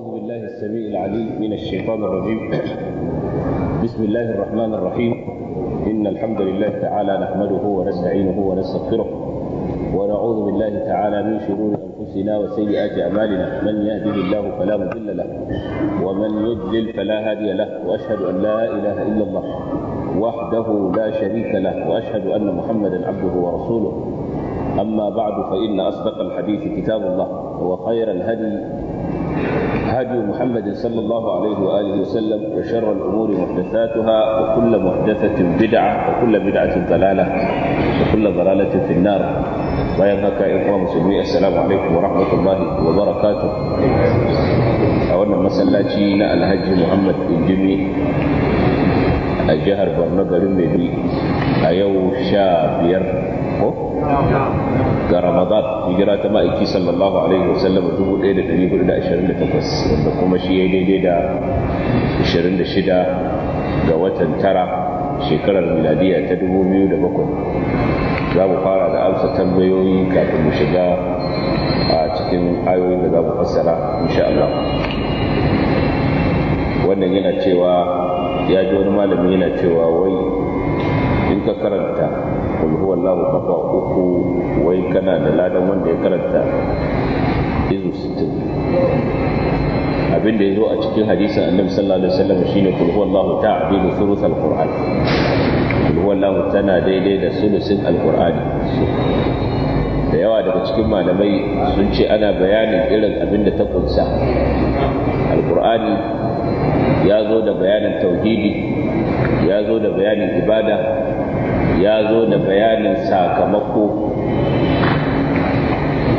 أعوذ بالله السميع العليم من الشيطان الرجيم بسم الله الرحمن الرحيم إن الحمد لله تعالى نحمده ونستعينه ونستغفره ونعوذ بالله تعالى من شرور أنفسنا وسيئات أعمالنا من يهده الله فلا مضل له ومن يضلل فلا هادي له وأشهد أن لا إله إلا الله وحده لا شريك له وأشهد أن محمدا عبده ورسوله أما بعد فإن أصدق الحديث كتاب الله وخير الهدي هدي محمد صلى الله عليه وآله وسلم وشر الأمور محدثاتها وكل محدثة بدعة وكل بدعة ضلالة وكل ضلالة في النار ويا إخوة مسلمين السلام عليكم ورحمة الله وبركاته أولا مسلاتي الهج محمد الجمي a الجهر borno garin maiduguri شابير ga ramadan hijira ta ma'aiki sallallahu alaihi wasallam 1428 wanda kuma shi ya daidai da 26 ga watan tara shekarar miladiya ta 2007 za mu fara da amsa tambayoyi kafin mu shiga a cikin ayoyin da za mu fassara insha Allah wannan yana cewa ya ji wani malami yana cewa wai in ka karanta kul huwa Allahu kafa uku wai kana da ladan wanda ya karanta izu 60 abin da zo a cikin hadisin Annabi sallallahu alaihi wasallam shine kul huwa Allahu ta'dilu thuluth al-Qur'an kul huwa Allahu tana daidai da sulusin al-Qur'ani da yawa daga cikin malamai sun ce ana bayanin irin abin da ta kunsa alkur'ani ya zo da bayanin tauhidi ya zo da bayanin ibada ya zo da bayanin sakamako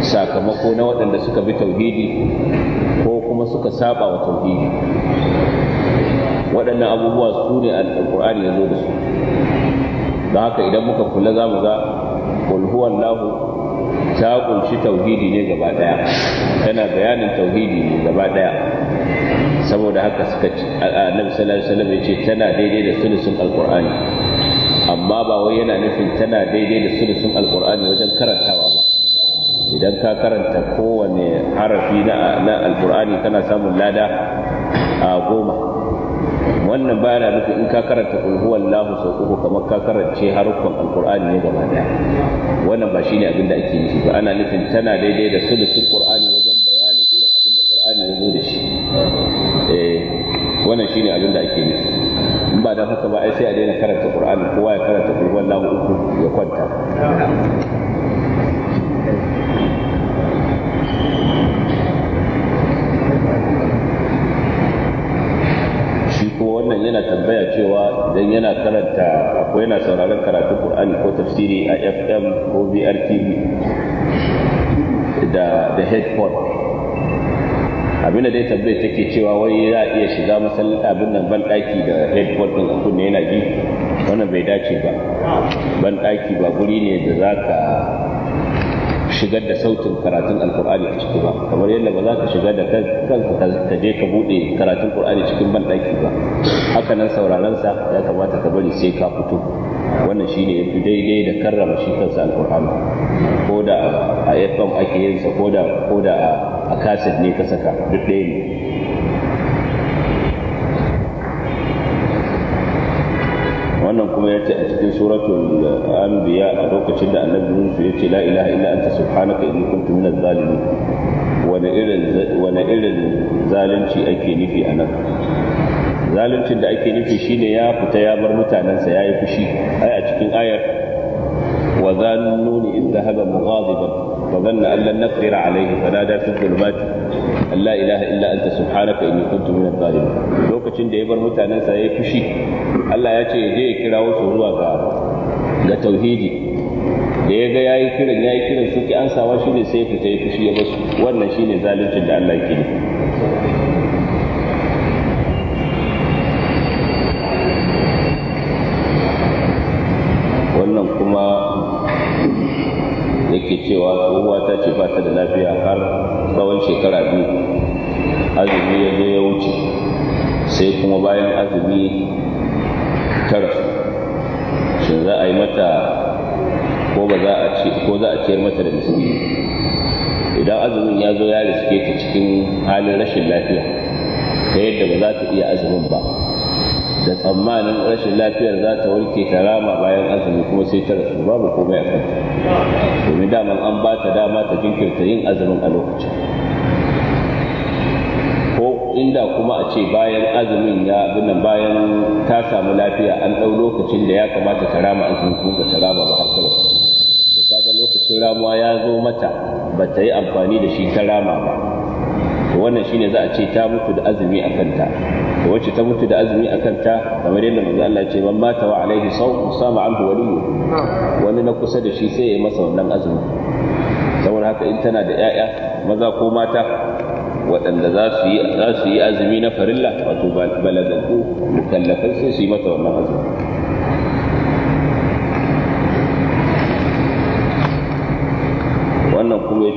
sakamako na waɗanda suka bi tauhidi ko kuma suka saba wa tauhidi waɗannan abubuwa su ne alƙur'ani ya zo da su don haka idan muka kula za mu ga lahu ta ƙunshi tauhidi ne gaba ɗaya tana bayanin tauhidi ne gaba ɗaya saboda haka suka a sallallahu salar salar ya ce tana daidai da sulusun alƙur'ani amma ba wai yana nufin tana daidai da sulusun alkur'ani wajen karantawa ba idan ka karanta kowane harafi na alkur'ani kana samun lada a goma wannan ba yana nufin in ka karanta kulhuwan lahu sau uku kamar ka karance haruffan alkur'ani ne gaba daya wannan ba shine abin da ake nufi ba ana nufin tana daidai da sulusun qur'ani ko yana sauraron karatu Qur'ani ko tafsiri a FM ko BRTV da da headphone abinda dai tambayar take cewa wai za a iya shiga masallaci abin nan ban daki da headphone din kunne yana ji wannan bai dace ba Banɗaki ba guri ne da zaka shigar da sautin karatun alkur'ani a ciki ba kamar yadda ba za ka shiga da kanka ka je ka bude karatun alkur'ani cikin banɗaki ba haka nan sauraron sa ya kamata ka bari sai ka fito wannan shine yafi daidai da karrama shi kansa alkur'ani ko da a FM ake yin sa ko da a kasid ne ka saka duk ɗaya kuma ya ce a cikin suratul anbiya a lokacin da annabi Musa ya ce la ilaha illa anta subhanaka inni kuntu minaz zalimin wani irin wani irin zalunci ake nufi a nan zaluncin da ake nufi shine ya fita ya bar mutanensa ya yi fushi ai a cikin ayar wa zannuni in dhahaba mughadiban fa dhanna an lan naqdira alayhi fanada fi dhulumati la ilaha illa anta subhanaka inni kuntu minadh zalimin lokacin da ya bar mutanen sa yayi fushi Allah ya ce ya je ya kira su zuwa ga ga tauhidi da ya ga yayi kiran yayi kiran suke ansawa shine sai fita ya fushi ya basu wannan shine zaluncin da Allah yake siyar mata da idan azumin ya zo ya riske ta cikin halin rashin lafiya ta yadda ba za ta iya azumin ba da tsammanin rashin lafiyar za ta warke ta rama bayan azumi kuma sai ta rasu babu komai a kanta domin daman an ba ta dama ta jinkirta yin azumin a lokacin ko inda kuma a ce bayan azumin ya binan bayan ta samu lafiya an ɗau lokacin da ya kamata ta rama azumin kuma ta rama ba ramuwa ya zo mata ba ta yi amfani da shi ta rama ba wannan shine za a ce ta mutu da azumi a kanta to wacce ta mutu da azumi a kanta kamar yadda manzo Allah ya ce man mata wa alaihi sawm sama anhu waliyu wani na kusa da shi sai ya masa wannan azumi saboda haka in tana da 'ya'ya maza ko mata waɗanda za su yi azumi na farilla wato balagaku mukallafai sai su yi mata wannan azumi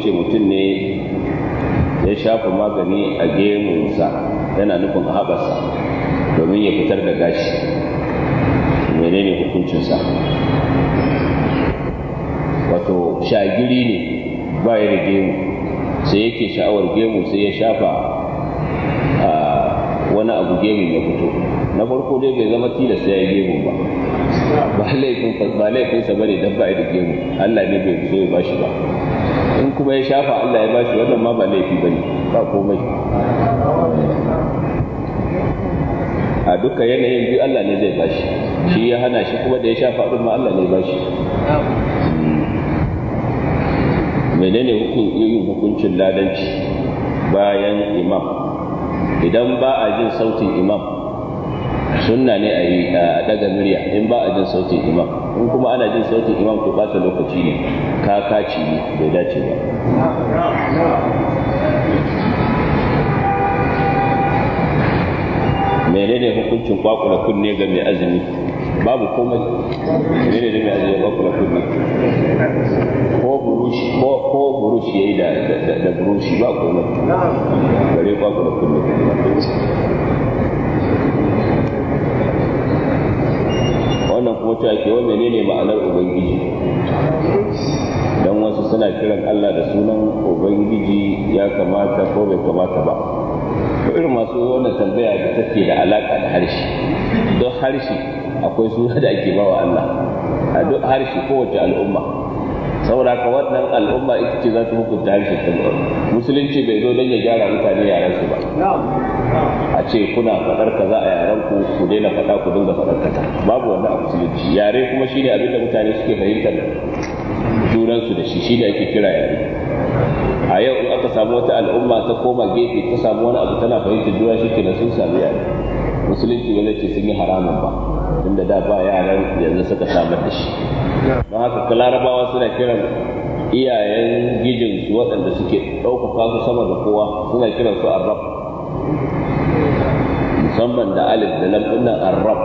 ce mutum ne ya shafa magani a gemunsa yana nufin a haɓarsa domin ya fitar da gashi menene hukuncinsa wato shagiri ne ba ya da gemu sai yake sha'awar gemu sai ya shafa a wani abu gemu ya fito na farko dai bai zama tilasta ya yi gemu ba ba laifinsa ba ne don ya da gemu allah ne bai zo ya ba shi ba kuma ya shafa Allah ya bashi wannan ma ba laifi bane ba komai a duka yanayin biyu Allah ne zai bashi shi ya hana shi kuma da ya shafa abin ma Allah ne bashi hmm. menene yin hukuncin ladanci bayan imam idan ba a jin sautin imam sunna ne a daga murya in ba a jin sautin imam in kuma ana jin sautin imam to bata lokaci ne Ka kaci ne bai dace ba menene hukuncin kwakula kunne ga mai azumi babu komai menene ne mai azumi kwakula kunne ko burushi ko burushi yayi da da burushi ba komai gare kwakula kunne bauta ke wa menene ma'anar ubangiji dan wasu suna kiran Allah da sunan ubangiji ya kamata ko bai kamata ba ko irin masu wannan tambaya da take da alaka da harshe don harshe akwai suna da ake bawa Allah a duk harshe kowace al'umma saboda ka wannan al'umma ita ce za ta hukunta harshe ta musulunci bai zo don ya gyara mutane yaran su ba a ce kuna faɗar kaza ku ku daina faɗa ku dinga kata babu wannan a musulunci yare kuma shine abin da mutane suke fahimtar su da shi shine ake kira yare a yau in aka samu wata al'umma ta koma gefe ta samu wani abu tana fahimtar juna shi kenan sun sami yare musulunci ba zai ce sun yi haramun ba inda da ba yaran yanzu suka samar da shi don haka kalarabawa suna kiran iyayen gijin su waɗanda suke ɗaukaka su sama da kowa suna kiran su arab musamman da alif da lam dinnan ar-rabb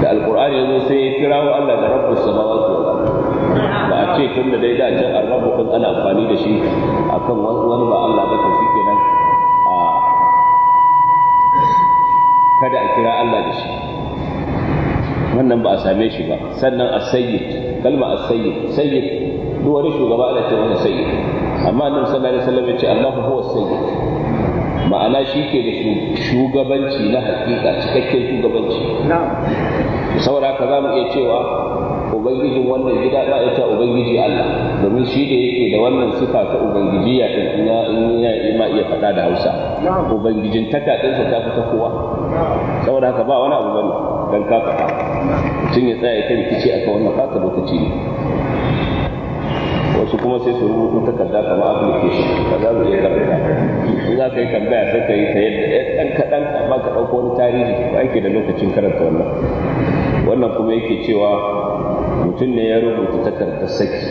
da alqur'ani yanzu sai ya kirawo Allah da rabbus samawati wal ard ba a ce tun da dai da can ar-rabb kun ana amfani da shi akan wani ba Allah ba to shikenan a kada a kira Allah da shi wannan ba a same shi ba sannan as-sayyid kalma as-sayyid sayyid duk wani shugaba ana ce wani sayyid amma annabi sallallahu alaihi wasallam ya ce Allahu huwa as-sayyid ma'ana shi ke da shugabanci na hakika cikakken shugabanci saboda haka za mu iya cewa ubangijin wannan gida za a ubangiji Allah domin shi da yake da wannan sifa ta ubangiji ya in ya ima iya faɗa da Hausa ubangijin taka ɗinsa ta fi ta kowa saboda haka ba wani abu bane dan ka faɗa mutum ya tsaya ya rikici akan wannan fata lokaci ne wasu kuma sai su rubutu takarda kamar application ka za su je karanta in za ka yi tambaya sai ka yi ta yadda eh, ɗan kaɗan amma ka ɗauko wani tarihi ba ake da lokacin karanta wannan wannan kuma yake cewa mutum ne ya rubuta takardar saki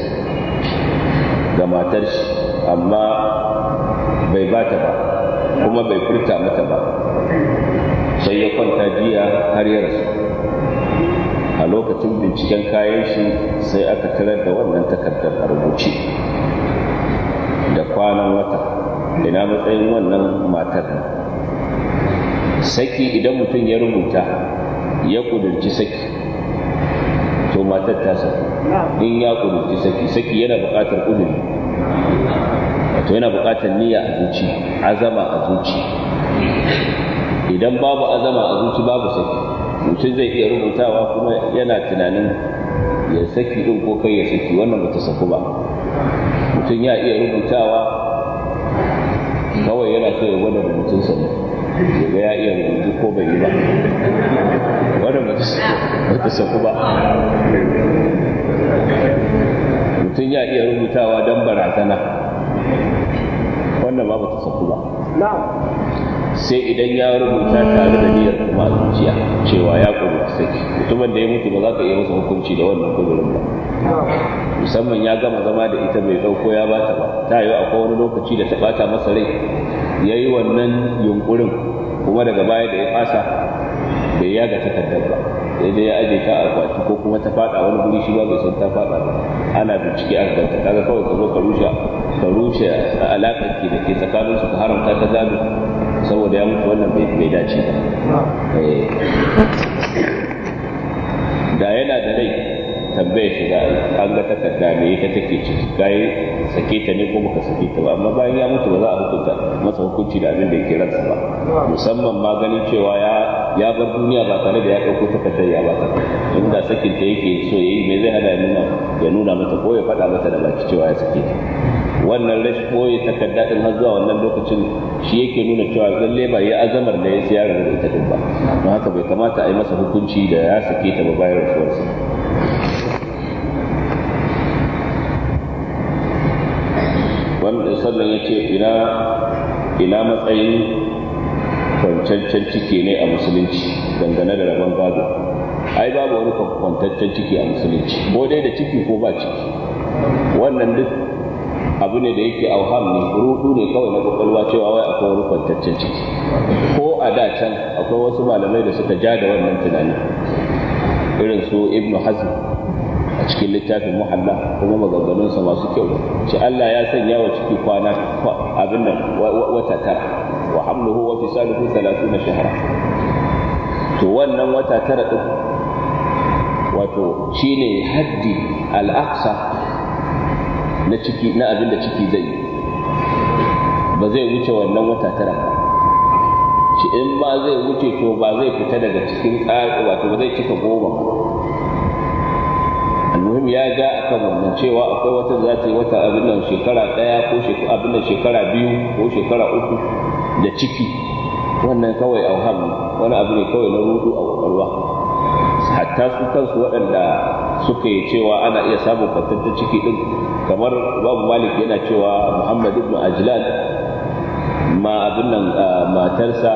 ga matar shi amma bai ba ta ba kuma bai furta mata ba sai ya kwanta jiya har ya rasu a lokacin binciken kayan shi sai aka tarar da wannan takardar a rubuce da kwanan wata ina matsayin wannan matar saki idan mutum ya rubuta ya kudurci saki to matar ta saki in ya kudurci saki saki yana buƙatar kuduri wato yana buƙatar niyya a zuci azama a zuci idan babu azama a zuci babu saki mutum zai iya rubutawa kuma yana tunanin ya saki din ko kai ya saki wannan bata saku ba mutum ya iya rubutawa kawai yana so ya gwada rubutunsa ne daga ya iya rubutu ko bai yi ba wannan bata saku ba mutum ya iya rubutawa don barazana wannan ba bata saku ba sai idan ya rubuta tare da niyyar kuma a zuciya cewa ya kuma saki mutumin da ya mutu ba za ka iya masa hukunci da wannan kudurin ba musamman ya gama zama da ita bai dauko ya bata ba ta yi akwai wani lokaci da ta bata masa rai ya yi wannan yunkurin kuma daga baya da ya fasa bai yaga takardar ba sai dai ya aje ta a ko kuma ta fada wani guri shi ba bai san ta fada ba ana bincike an ganta kaga kawai ka zo ka rushe ka rushe alaƙar ki da ke tsakanin su ka haramta ta zabi saboda ya mutu wannan bai dace ba eh. da yana da rai tambaya shi ga an ga takarda me ita take ciki gaye sake ta ne ko baka sake ta ba amma bayan ya mutu ba za a hukunta masa hukunci da abin da yake ransa ba musamman ma ganin cewa ya ya bar duniya ba tare da ya ɗauko takardar ya ba bata inda sakin ta yake so yayi me zai hada ya nuna ya nuna mata ko ya faɗa mata da baki cewa ya sake ta wannan rashin boye takarda ɗin har zuwa wannan lokacin shi yake nuna cewa zalle ba ya azamar da ya siya da ita ɗin ba don haka bai kamata a yi masa hukunci da ya sake ta ba bayan rasuwarsa sannan ya ce ina ina matsayin kwancancan ciki ne a musulunci dangane da rabon gado ai babu wani kwancancan ciki a musulunci ko dai da ciki ko ba ciki wannan duk abu ne da yake auham ne rudu ne kawai na kwakwalwa cewa wai akwai wani kwantaccen ciki ko a da can akwai wasu malamai da suka ja da wannan tunani irin su ibnu hazm a cikin littafin muhalla kuma maganganunsa masu kyau ce Allah ya sanya wa ciki kwana abin nan wata tara wa hamluhu wa fisaluhu 30 shahara to wannan wata tara din wato shine haddi al-aqsa na ciki na abin da ciki zai ba zai wuce wannan wata tara ba shi in ba zai wuce to ba zai fita daga cikin tsari wato ba zai cika goma ba almuhim ya ga akan wannan cewa akwai wata za ta yi wata abin nan shekara ɗaya ko abin nan shekara biyu ko shekara uku da ciki wannan kawai auham wani abu ne kawai na rudu a kwakwalwa hatta su kansu waɗanda suka yi cewa ana iya samun fatattun ciki ɗin kamar babu malik yana cewa muhammad ibn ajlan ma abin nan matarsa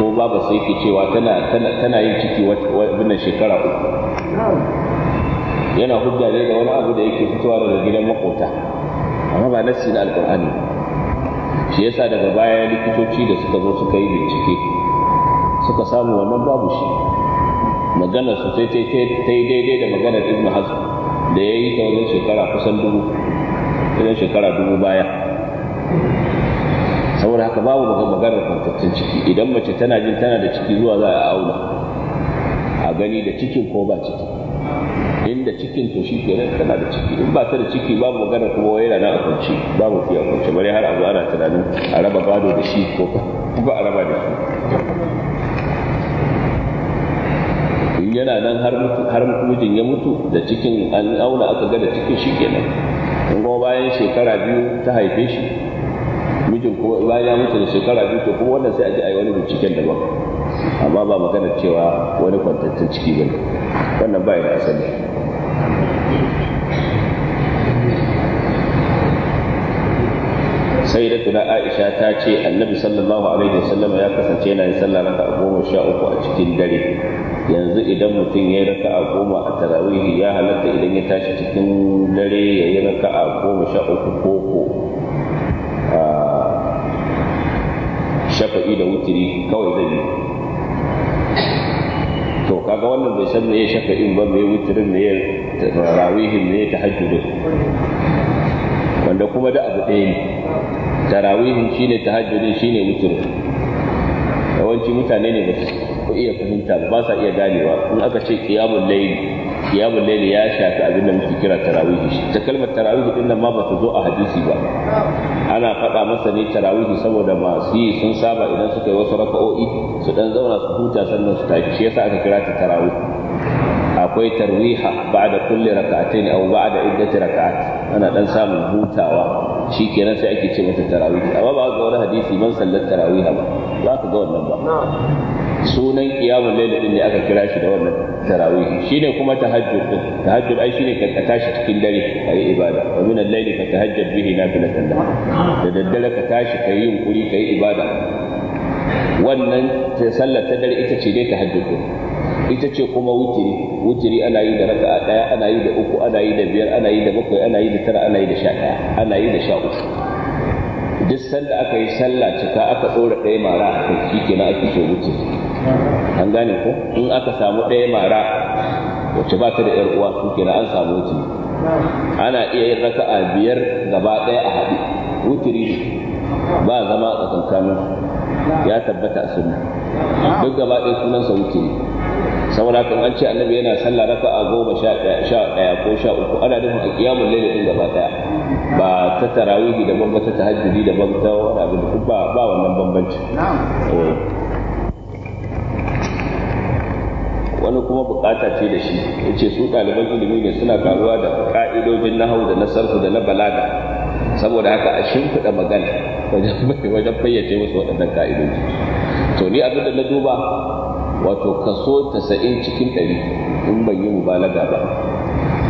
ko babu sai ke cewa tana yin ciki abin nan shekara uku yana hujja ne da wani abu da yake fitowa daga gidan makota amma ba nassi na alqur'ani shi yasa daga baya likitoci da suka zo suka yi bincike suka samu wannan babu shi maganar su sai ta yi daidai da maganar ibn hazm da ya yi ta wajen shekara kusan dubu wajen shekara dubu baya saboda haka babu maganar kwantattun ciki idan mace tana jin tana da ciki zuwa za a auna a gani da cikin ko ba ciki inda cikin to shi kenan tana da ciki in ba ta da ciki babu maganar kuma wai yana a kwance babu fiye a kwance har a zo ana tunanin a raba gado da shi ko ba a raba da shi yana nan har har mijin ya mutu da cikin an auna aka ga da cikin shi kenan in kuma bayan shekara biyu ta haife shi mijin kuma bayan ya mutu da shekara biyu to kuma wannan sai a ji a yi wani binciken daban amma ba magana cewa wani kwantaccen ciki ba wannan ba ya da asali sai da tuna aisha ta ce annabi sallallahu alaihi wasallam ya kasance yana yin sallah raka'a goma sha uku a cikin dare yanzu idan mutum ya yi raka'a goma a tarawihi ya halatta idan ya tashi cikin dare ya yi raka'a goma sha uku koko shafa'i da wutiri kawai zai yi to kaga wannan bai san me ya shafa'in ba me ya wutirin me ya tarawihin me ya tahajjudin wanda kuma da abu ɗaya ne tarawihin shine tahajjudin shine witr yawanci mutane ne ba su iya fahimta ba sa iya ganewa in aka ce qiyamul layl qiyamul layl ya shafi abin da muke kira tarawihi ta kalmar tarawihi din nan ma ba ta zo a hadisi ba ana faɗa masa ne tarawihi saboda masu yi sun saba idan suka yi wasu raka'o'i su dan zauna su huta sannan su tafi shi yasa aka kira ta tarawihi akwai tarwiha ba'da kulli rak'atayn aw ba'da iddati rak'at ana dan samun hutawa shikenan sai ake ce mata tarawih amma ba ga wani hadisi ban sallar tarawih ba ba ka ga wannan ba sunan qiyamul layl din ne aka kira shi da wannan tarawih shine kuma tahajjud din tahajjud ai shine ka tashi cikin dare kai ibada wa min al-layli fa tahajjad bihi nafilatan lak da daddare ka tashi kai yunkuri kai ibada wannan sallar ta dare ita ce dai tahajjud din ita ce kuma wutiri wutiri ana yi da raka'a daya ana yi da uku ana yi da biyar ana yi da bakwai ana yi da tara ana yi da sha daya ana yi da sha uku duk sanda aka yi sallah cika aka dora ɗaya mara a kai shi kenan ake so wutiri an gane ko in aka samu ɗaya mara wacce ba ta da yar uwa su kenan an samu wutiri ana iya yin raka'a biyar gaba daya a haɗu wutiri ba zama a tsakankanin ya tabbata a sunna duk gaba sunan sunansa wutiri saboda kan an ce annabi yana sallah raka a goma sha ɗaya ko sha uku ana nufin a kiyamun laila din gaba ɗaya ba ta tarawihi daban ba ta tahajjudi daban ta wani abin da ba ba wannan bambanci eh. wani kuma bukata ce da shi yace su ɗaliban ilimi ne suna karuwa da ka'idojin nahau da na sarku da na balaga saboda haka a shimfiɗa magana wajen fayyace musu waɗannan ka'idoji to ni abin da na duba wato kaso 90 cikin 100 in ban yi mubalaga ba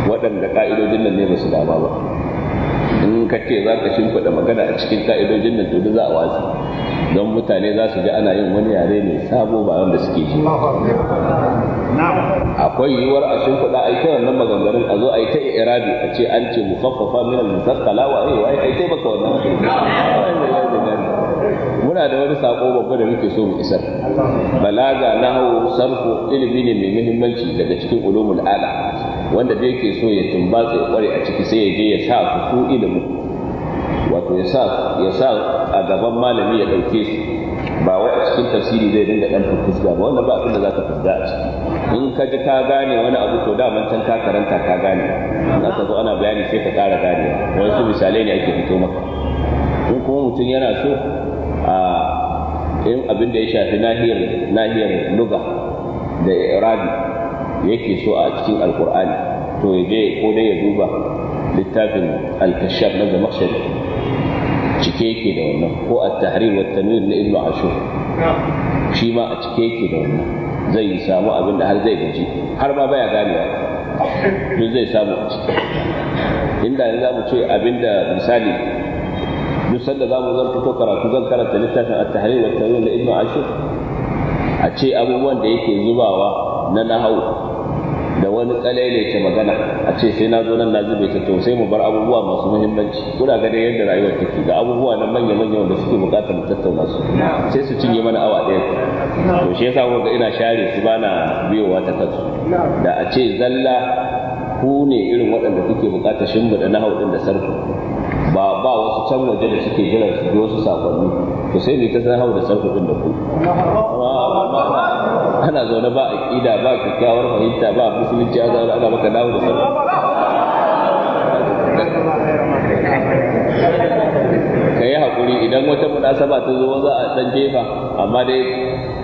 waɗanda ka'idojin nan ne ba su dama ba in ka ce za ka shimfiɗa magana a cikin ka'idojin nan to za a watsi don mutane za su ji ana yin wani yare ne sabo ba wanda suke ji akwai yiwuwar a shimfiɗa a ita wannan maganganun a zo a yi ta irabi a ce an ce mukaffafa min al-musaqqala wa ai ai baka wannan muna da wani sako babba da muke so mu isar balaga nahu sarfu ilimi ne mai muhimmanci daga cikin ulumul ala wanda da yake so ya tumbatsa ya kware a ciki sai ya je ya sa su ilimi wato ya sa ya sa a gaban malami ya dauke su ba wai a cikin tafsiri zai dinga dan fuska ba wannan ba abin da zaka fuska a ciki in ka ji ka gane wani abu to da can ka karanta ka gane za ka zo ana bayani sai ka kara gane wasu misalai ne ake fito maka in kuma mutum yana so in abin da ya shafi nahiyar nahiyar luga da irabi yake so a cikin alkur'ani to je ko dai ya duba littafin al-kashaf na zamakshari cike yake da wannan ko a tahrir wa tanwir na ibnu ashur shi ma a cike yake da wannan zai samu abin da har zai gaji har ma baya ganewa duk zai samu a ciki inda za mu ce abin da misali duk sanda za mu zan fito karatu zan karanta littafin at-tahrir wa tawil da ibnu ashir a ce abubuwan da yake zubawa na nahau da wani kalele ta magana a ce sai na zo nan na zube ta to sai mu bar abubuwa masu muhimmanci kuna ga yadda rayuwar take ga abubuwa na manya manya wanda suke bukatar mu tattauna su sai su cinye mana awa daya to shi yasa ga ina share su bana biyowa ta kansu da a ce zalla ku ne irin waɗanda kuke bukatar shimbiɗa da nahau ɗin da sarku ba ba wasu can waje da suke jiran su ji wasu sakonni to sai ne ka san hau da sarkafin da ku ana zaune ba a ƙida ba kyakkyawar fahimta ba musulunci a zaune ana maka dawo da sarkafin ka yi haƙuri idan wata munasaba ta zo za a ɗan jefa amma dai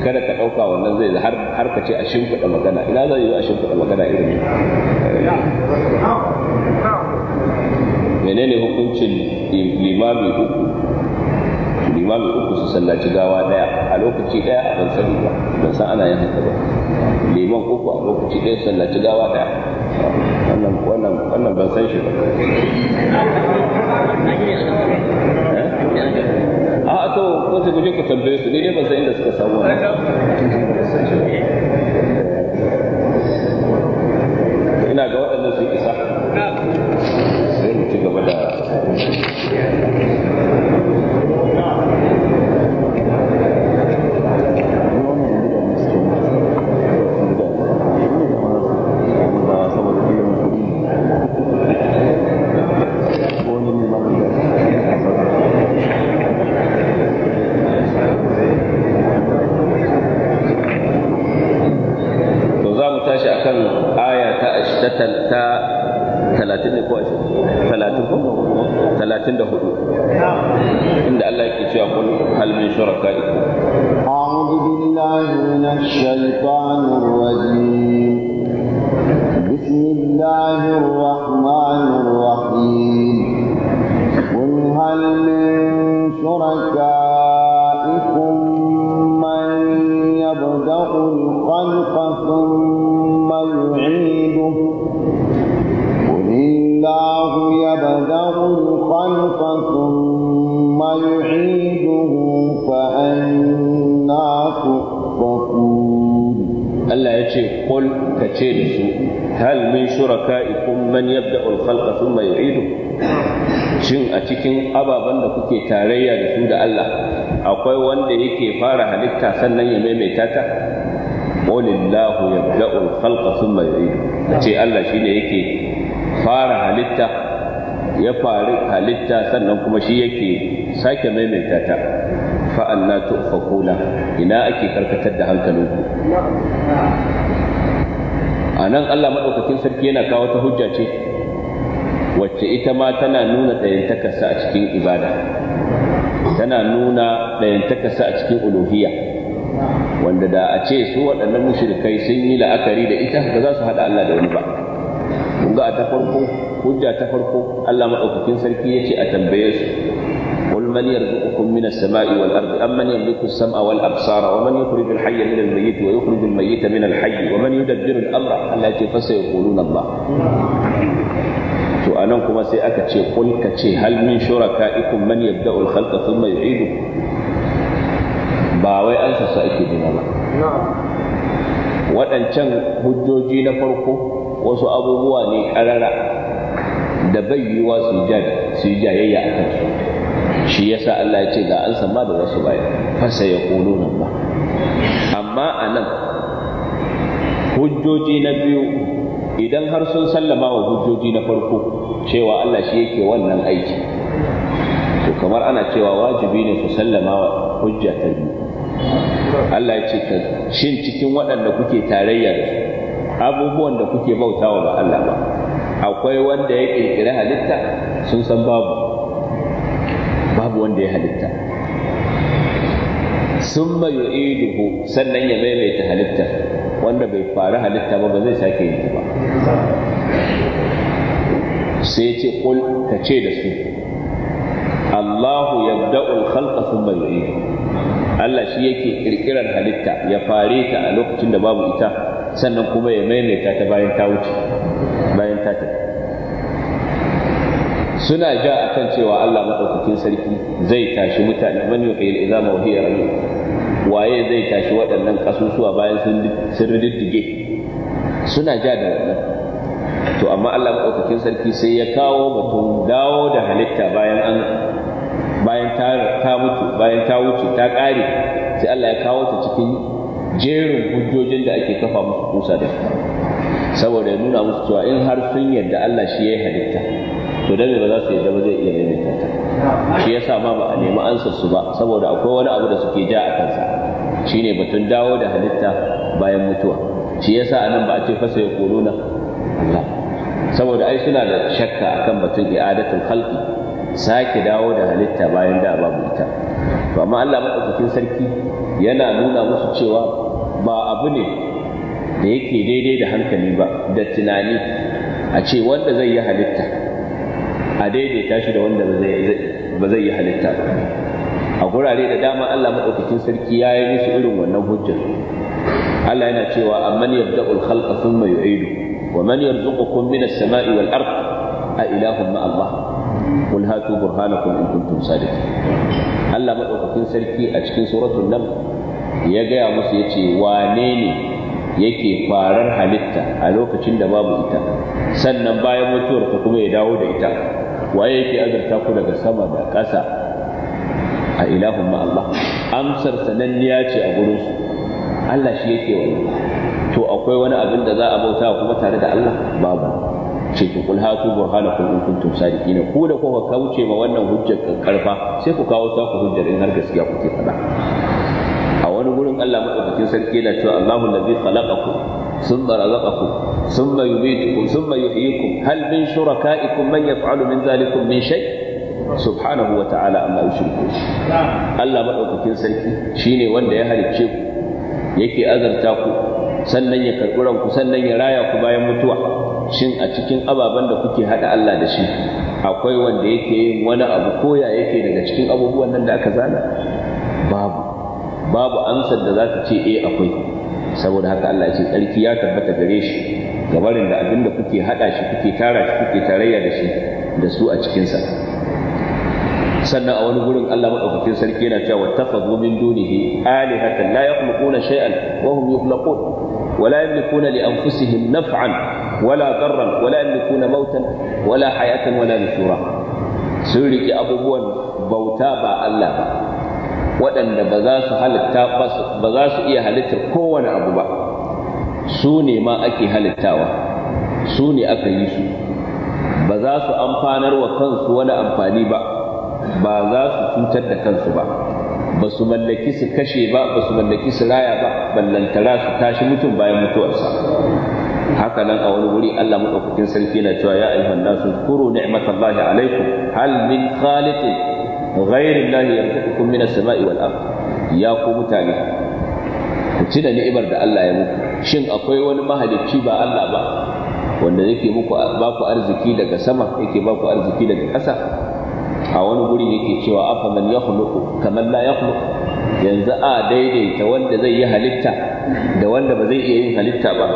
kada ka ɗauka wannan zai har har ka ce a shimfiɗa magana ina zai yi a shimfiɗa magana irin ne menene hukuncin limami uku limami uku su sallaci gawa daya a lokaci daya a ban ba ban san ana yin haka ba liman uku a lokaci daya sallaci gawa daya wannan wannan wannan ban san shi ba eh? a to ko ku je ku tambaye su ne ban san inda suka samu wannan يقول هل من شركائكم أعوذ بالله من الشيطان الرجيم بسم الله الرحمن suka ce da su hal min shuraka'ikum man yabda'u al-khalqa thumma yu'idu shin a cikin ababan da kuke tarayya da su da Allah akwai wanda yake fara halitta sannan ya maimaita ta qulillahu yabda'u al-khalqa thumma yu'idu ce Allah shine yake fara halitta ya fari halitta sannan kuma shi yake sake maimaita ta fa'anna tu'fakuna ina ake karkatar da hankalinku a nan Allah maɗaukakin sarki yana kawo ta hujja ce wacce ita ma tana nuna ɗayantakarsa a cikin ibada tana nuna ɗayantakarsa a cikin uluhiyya wanda da a ce su waɗannan mushrikai sun yi la'akari da ita ba za su haɗa Allah da wani ba kun ga a ta farko hujja ta farko Allah maɗaukakin sarki ya ce a tambaye su من يرزقكم من السماء والأرض أمن يملك السمع والأبصار ومن يخرج الحي من الميت ويخرج الميت من الحي ومن يدبر الأمر التي فسيقولون الله to anan kuma sai aka ce kul ka ce hal min shuraka'ikum man yabda'u al-khalqa thumma yu'idu ba wai an sassa ake ba waɗancan hujjoji na farko wasu abubuwa ne ƙarara da bai yiwuwa su yi jayayya a kansu shi yasa Allah ya ce ga an sama da wasu bayan fasa ya kulu nan ba amma a nan hujjoji na biyu idan har sun sallama wa hujjoji na farko cewa Allah shi yake wannan aiki to kamar ana cewa wajibi ne ku sallama wa hujja ta biyu Allah ya ce ka shin cikin waɗanda kuke tarayya abubuwan da kuke bautawa ba Allah ba akwai wanda ya ƙirƙiri halitta sun san babu da ya halitta summa yu'iduhu sannan ya maimaita halitta wanda bai fara halitta ba ba zai sake yi ta ba sai ce kul ka ce da su Allahu yabda'u al-khalqa thumma yu'idu Allah shi yake kirkirar halitta ya fare ta a lokacin da babu ita sannan kuma ya maimaita ta bayan ta wuce bayan ta tafi suna ja a kan cewa Allah maɗaukakin sarki zai tashi mutane man yuhil idza mawhiya rayu. waye zai tashi waɗannan kasusuwa bayan sun riddige suna ja da wannan to amma Allah maɗaukakin sarki sai ya kawo batun dawo da halitta bayan an bayan ta ta mutu bayan ta wuce ta ƙare sai Allah ya kawo ta cikin jerin hujjojin da ake kafa musu kusa da saboda ya nuna musu cewa in har sun yadda Allah shi ya halitta to dan ba za su yadda ba zai iya maimaita ta shi yasa ma ba a nemi ansar su ba saboda akwai wani abu da suke ja a kansa shine batun dawo da halitta bayan mutuwa shi yasa anan ba a ce fasa ya kuluna Allah saboda ai suna da shakka akan batun i'adatul khalqi sake dawo da halitta bayan da babu ita to amma Allah madaukakin sarki yana nuna musu cewa ba abu ne da yake daidai da hankali ba da tunani a ce wanda zai yi halitta a daidaita shi da wanda ba zai yi halitta ba a gurare da dama Allah maɗaukakin sarki ya yi musu irin wannan hujjar Allah yana cewa amman yabda'ul khalqa thumma yu'idu wa man yarzuqukum minas sama'i wal ard a ilahun ma Allah qul hatu burhanakum in kuntum sadiqin Allah maɗaukakin sarki a cikin suratul naml ya gaya musu ya ce wane ne yake farar halitta a lokacin da babu ita sannan bayan mutuwar kuma ya dawo da ita waye yake azurta ku daga sama da ƙasa a ilahun ma Allah amsar sananniya ce a gurin su Allah shi yake wani to akwai wani abin da za a bauta kuma tare da Allah babu ce ki kul hatu burhanakum in kuntum sadiqin ku da kuka kauce ma wannan hujjar karfa sai ku kawo ta ku hujjar in har gaskiya kuke faɗa a wani gurin Allah madaukakin sarki yana cewa Allahu allazi khalaqakum sun razaqakum ثم يميتكم ثم يحييكم هل من شركائكم من يفعل من ذلكم من شيء subhanahu wa ta'ala amma yushriku Allah madaukakin sarki shine wanda ya halicce ku yake azarta ku sannan ya karbi sannan ya raya ku bayan mutuwa shin a cikin ababen da kuke haɗa Allah da shi akwai wanda yake yin wani abu koya yake daga cikin abubuwan nan da aka zana babu babu amsar da za ta ce eh akwai saboda haka Allah ya ce tsarki ya tabbata gare shi gabarin da abin da kuke haɗa shi kuke tara shi kuke tarayya da shi da su a cikinsa sannan a wani gurin Allah maɗaukakin sarki yana cewa wattakhadhu min dunihi alihatan la yakhluquna shay'an wa hum yukhlaqun wa la yamlikuna li anfusihim naf'an wala darran wa la yamlikuna mautan wala hayatan wala nushura sun riki abubuwan bauta ba Allah ba waɗanda ba za su halitta ba za su iya halittar kowane abu ba su ne ma ake halittawa su ne aka yi su ba za su amfanar wa kansu wani amfani ba ba za su cutar da kansu ba ba su mallaki su kashe ba ba su mallaki su raya ba ballantara su tashi mutum bayan mutuwarsa haka nan a wani wuri Allah madaukakin sarki na cewa ya ayyuhan nasu kuru ni'matallahi alaikum hal min khaliqin ghairi Allah yarzuqukum min as-sama'i wal ard ya ku mutane ku ci da ni'imar da Allah ya muku shin akwai wani mahalicci ba Allah ba wanda yake muku ba ku arziki daga sama yake ba ku arziki daga ƙasa a wani guri yake cewa afa man yakhluqu kaman la yakhluqu yanzu a daidaita wanda zai yi halitta da wanda ba zai iya yin halitta ba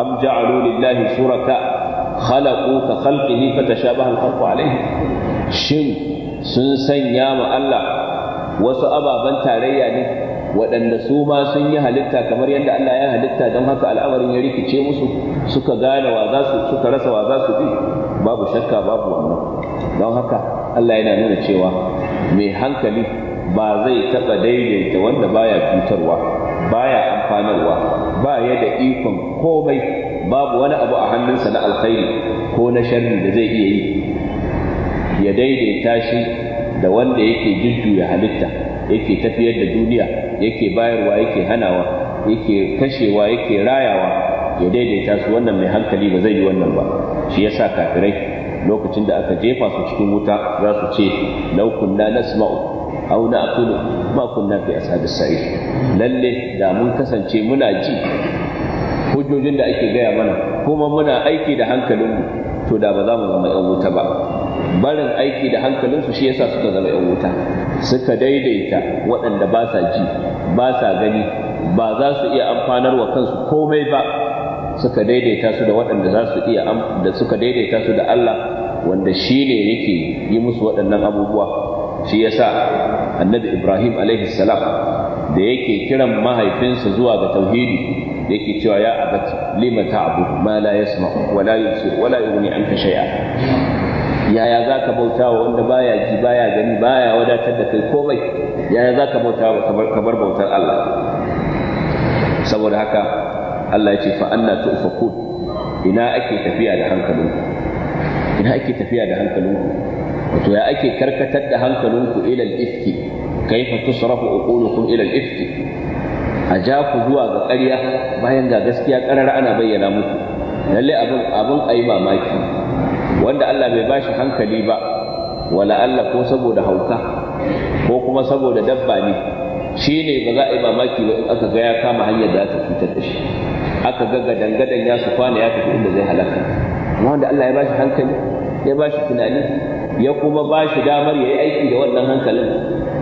am ja'alu lillahi shuraka khalaqu ka khalqihi fatashabaha al-khalqu alayhi shin sun sanya ma Allah wasu ababan tarayya ne waɗanda su ma sun yi halitta kamar yadda Allah ya halitta don haka al'amarin ya rikice musu suka gane wa za su suka rasa wa za su bi babu shakka babu wannan don haka Allah yana nuna cewa mai hankali ba zai taɓa daidaita wanda baya cutarwa baya amfanarwa ba ya da ikon komai babu wani abu a hannunsa na alkhairi ko na sharri da zai iya yi ya daidaita shi da wanda yake jujjuya halitta yake tafiyar da duniya yake bayarwa yake hanawa yake kashewa yake rayawa ya daidaita su wannan mai hankali ba zai yi wannan ba shi yasa kafirai lokacin da aka jefa su cikin wuta za su ce laukun na nasma'u aw na'qulu ma kunna fi ashabis sa'ir lalle da mun kasance muna ji hujjojin da ake gaya mana kuma muna aiki da hankalinmu to da ba za mu zama 'yan wuta ba barin aiki da hankalin su shi yasa suka zama 'yan wuta suka daidaita waɗanda ba sa ji ba sa gani ba za su iya amfanar wa kansu komai ba suka daidaita su da waɗanda za su iya da suka daidaita su da Allah wanda shi ne yake yi musu waɗannan abubuwa shi ya sa, annabi Ibrahim alaihi salam da yake kiran mahaifinsa zuwa ga tauhidi yake cewa ya abati lima abu ma la yasma wa la yubsiru wa la yughni anka shay'a yaya za ka bauta wa wanda baya ji baya gani baya wadatar da kai komai yaya za ka bauta wa kamar bautar Allah saboda haka Allah ya ce fa anna tu'fakun ina ake tafiya da hankalinku ina ake tafiya da hankalinku wato ya ake karkatar da hankalinku ila al-ifki kaifa tusrafu uqulukum ila al-ifki a ja ku zuwa ga ƙarya bayan ga gaskiya ƙarar ana bayyana muku lalle abin abin ayi mamaki wanda Allah bai bashi hankali ba wala Allah ko saboda hauka ko kuma saboda dabba ne shi ne ba za a yi mamaki ba in aka ga ya kama hanyar da aka fitar da shi aka ga gadangadan ya su kwana ya tafi inda zai halaka amma wanda Allah ya bashi hankali ya bashi tunani ya kuma bashi damar ya yi aiki da wannan hankalin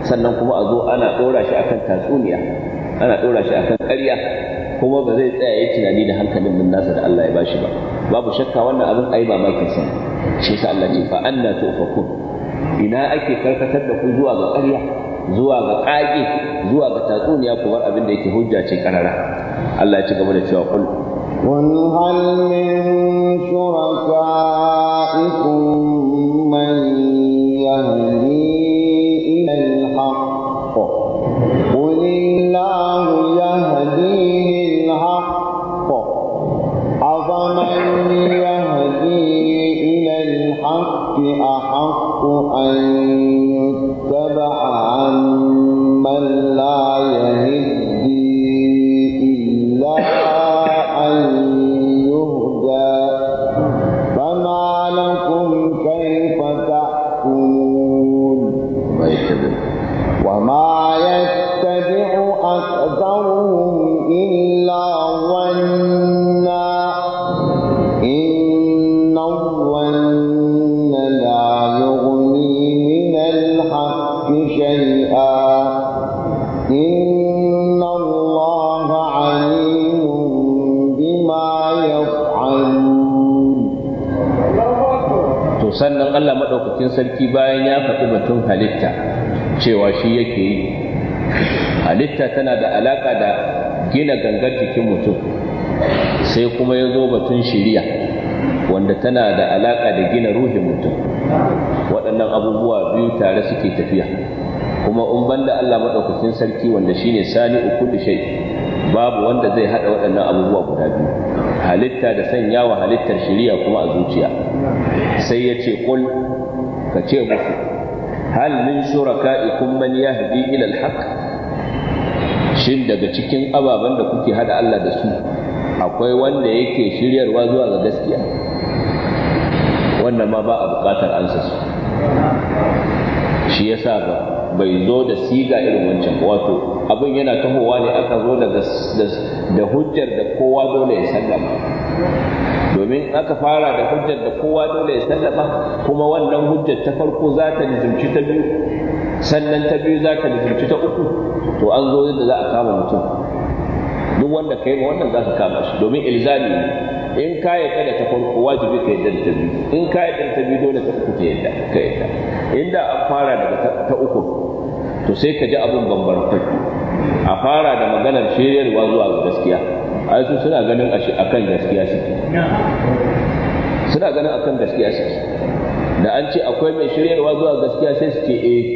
sannan kuma a zo ana ɗora shi akan tatsuniya ana ɗora shi akan ƙarya kuma ba zai tsaya yayin tunani da hankalin nan nasa da Allah ya bashi ba babu shakka wannan abin ai mamakin sa shi yasa Allah ce fa anna tufakun ina ake karkatar da ku zuwa ga ƙarya zuwa ga ƙage zuwa ga tatsuniya ku bar abin da yake hujja ce karara Allah ya ci gaba da cewa qul قل هل من شركائكم من يهدي أن maɗaukakin sarki bayan ya faɗi batun halitta cewa shi yake yi halitta tana da alaƙa da gina gangar jikin mutum sai kuma ya zo batun shiriya wanda tana da alaƙa da gina ruhin mutum waɗannan abubuwa biyu tare suke tafiya kuma in banda Allah maɗaukakin sarki wanda shine sani uku da shai babu wanda zai haɗa waɗannan abubuwa guda biyu halitta da sanya wa halittar shiriya kuma a zuciya sai ya ce kul ka ce muku hal min shuraka'ikum man yahdi ila ilal shin daga cikin ababen da kuke hada Allah da su akwai wanda yake shiryarwa zuwa ga gaskiya wannan ma ba a bukatar ansa su shi yasa ba bai zo da siga irin wancan wato abin yana tahowa ne aka zo da hujjar da kowa dole ya sallama domin in aka fara da hujjar da kowa dole ya sallama kuma wannan hujjar ta farko za ta nizumci ta biyu sannan ta biyu za ta nizumci ta uku to an zo yadda za a kama mutum duk wanda ka yi ma wannan za ka kama shi domin ilzami in ka yi da ta farko wajibi ka yadda ta biyu in ka yi ɗan ta biyu dole ta uku ta yadda ka yadda inda an fara daga ta uku to sai ka ji abin bambam a fara da maganar shiryarwa zuwa gaskiya ai su suna ganin a kan gaskiya suke suna ganin akan gaskiya suke da an ce akwai mai shiryarwa zuwa gaskiya sai su ce eh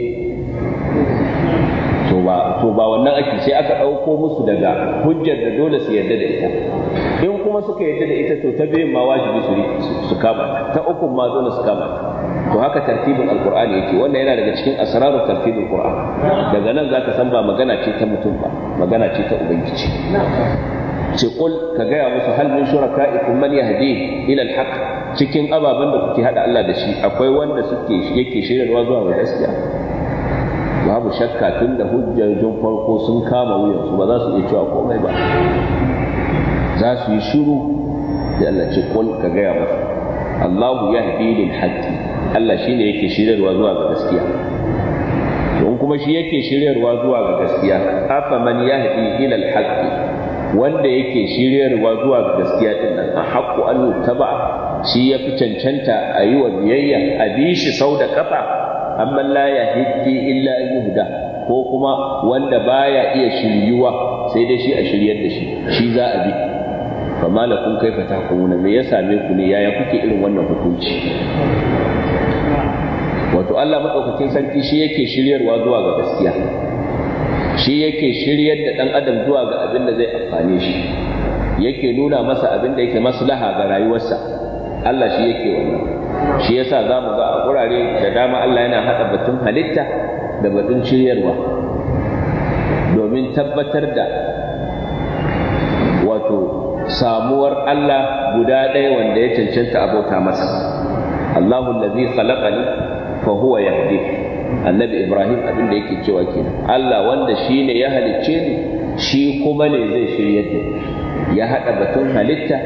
to ba to ba wannan ake sai aka ɗauko musu daga hujjar da dole su yarda da ita in kuma suka yarda da ita to ta biyun ma wajibi su kama ta ukun ma dole su kama to haka tartibin alqur'ani yake wannan yana daga cikin asrarul tartibin qur'an daga nan zaka san ba magana ce ta mutum ba magana ce ta ubangiji ce qul ka gaya musu hal min shuraka'ikum man yahdi ila al-haq cikin ababen da kuke hada Allah da shi akwai wanda suke yake shirarwa zuwa ga gaskiya babu shakka tun da hujjar jin farko sun kama wuyansu ba za su iya cewa komai ba za su yi shiru da Allah ce qul ka gaya musu Allahu yahdi lil haqqi Allah shine yake shirarwa zuwa ga gaskiya don kuma shi yake shiryarwa zuwa ga gaskiya afa man yahdi ila al-haqqi wanda yake shiryarwa zuwa ga gaskiya din nan a haƙƙu an taba shi ya fi cancanta a yi biyayya a bi shi sau da kafa amma la ya hiddi illa an yuhda ko kuma wanda baya iya shiryuwa sai dai shi a shiryar da shi shi za a bi fa malakun kai fata ne me ya same ku ne yaya kuke irin wannan hukunci wato Allah madaukakin sarki shi yake shiryarwa zuwa ga gaskiya shi yake shiryar da ɗan adam zuwa ga abin da zai amfane shi yake nuna masa abin da yake maslaha ga rayuwarsa Allah shi yake wannan shi yasa za mu ga a wurare da dama Allah yana haɗa batun halitta da batun shiryarwa domin tabbatar da wato samuwar Allah guda ɗaya wanda ya cancanta abota masa Allahu lazi khalaqani fa huwa yahdini annabi ibrahim abin da yake cewa kenan allah wanda shi ne ya halicce ni shi kuma ne zai shirya da ya haɗa batun halitta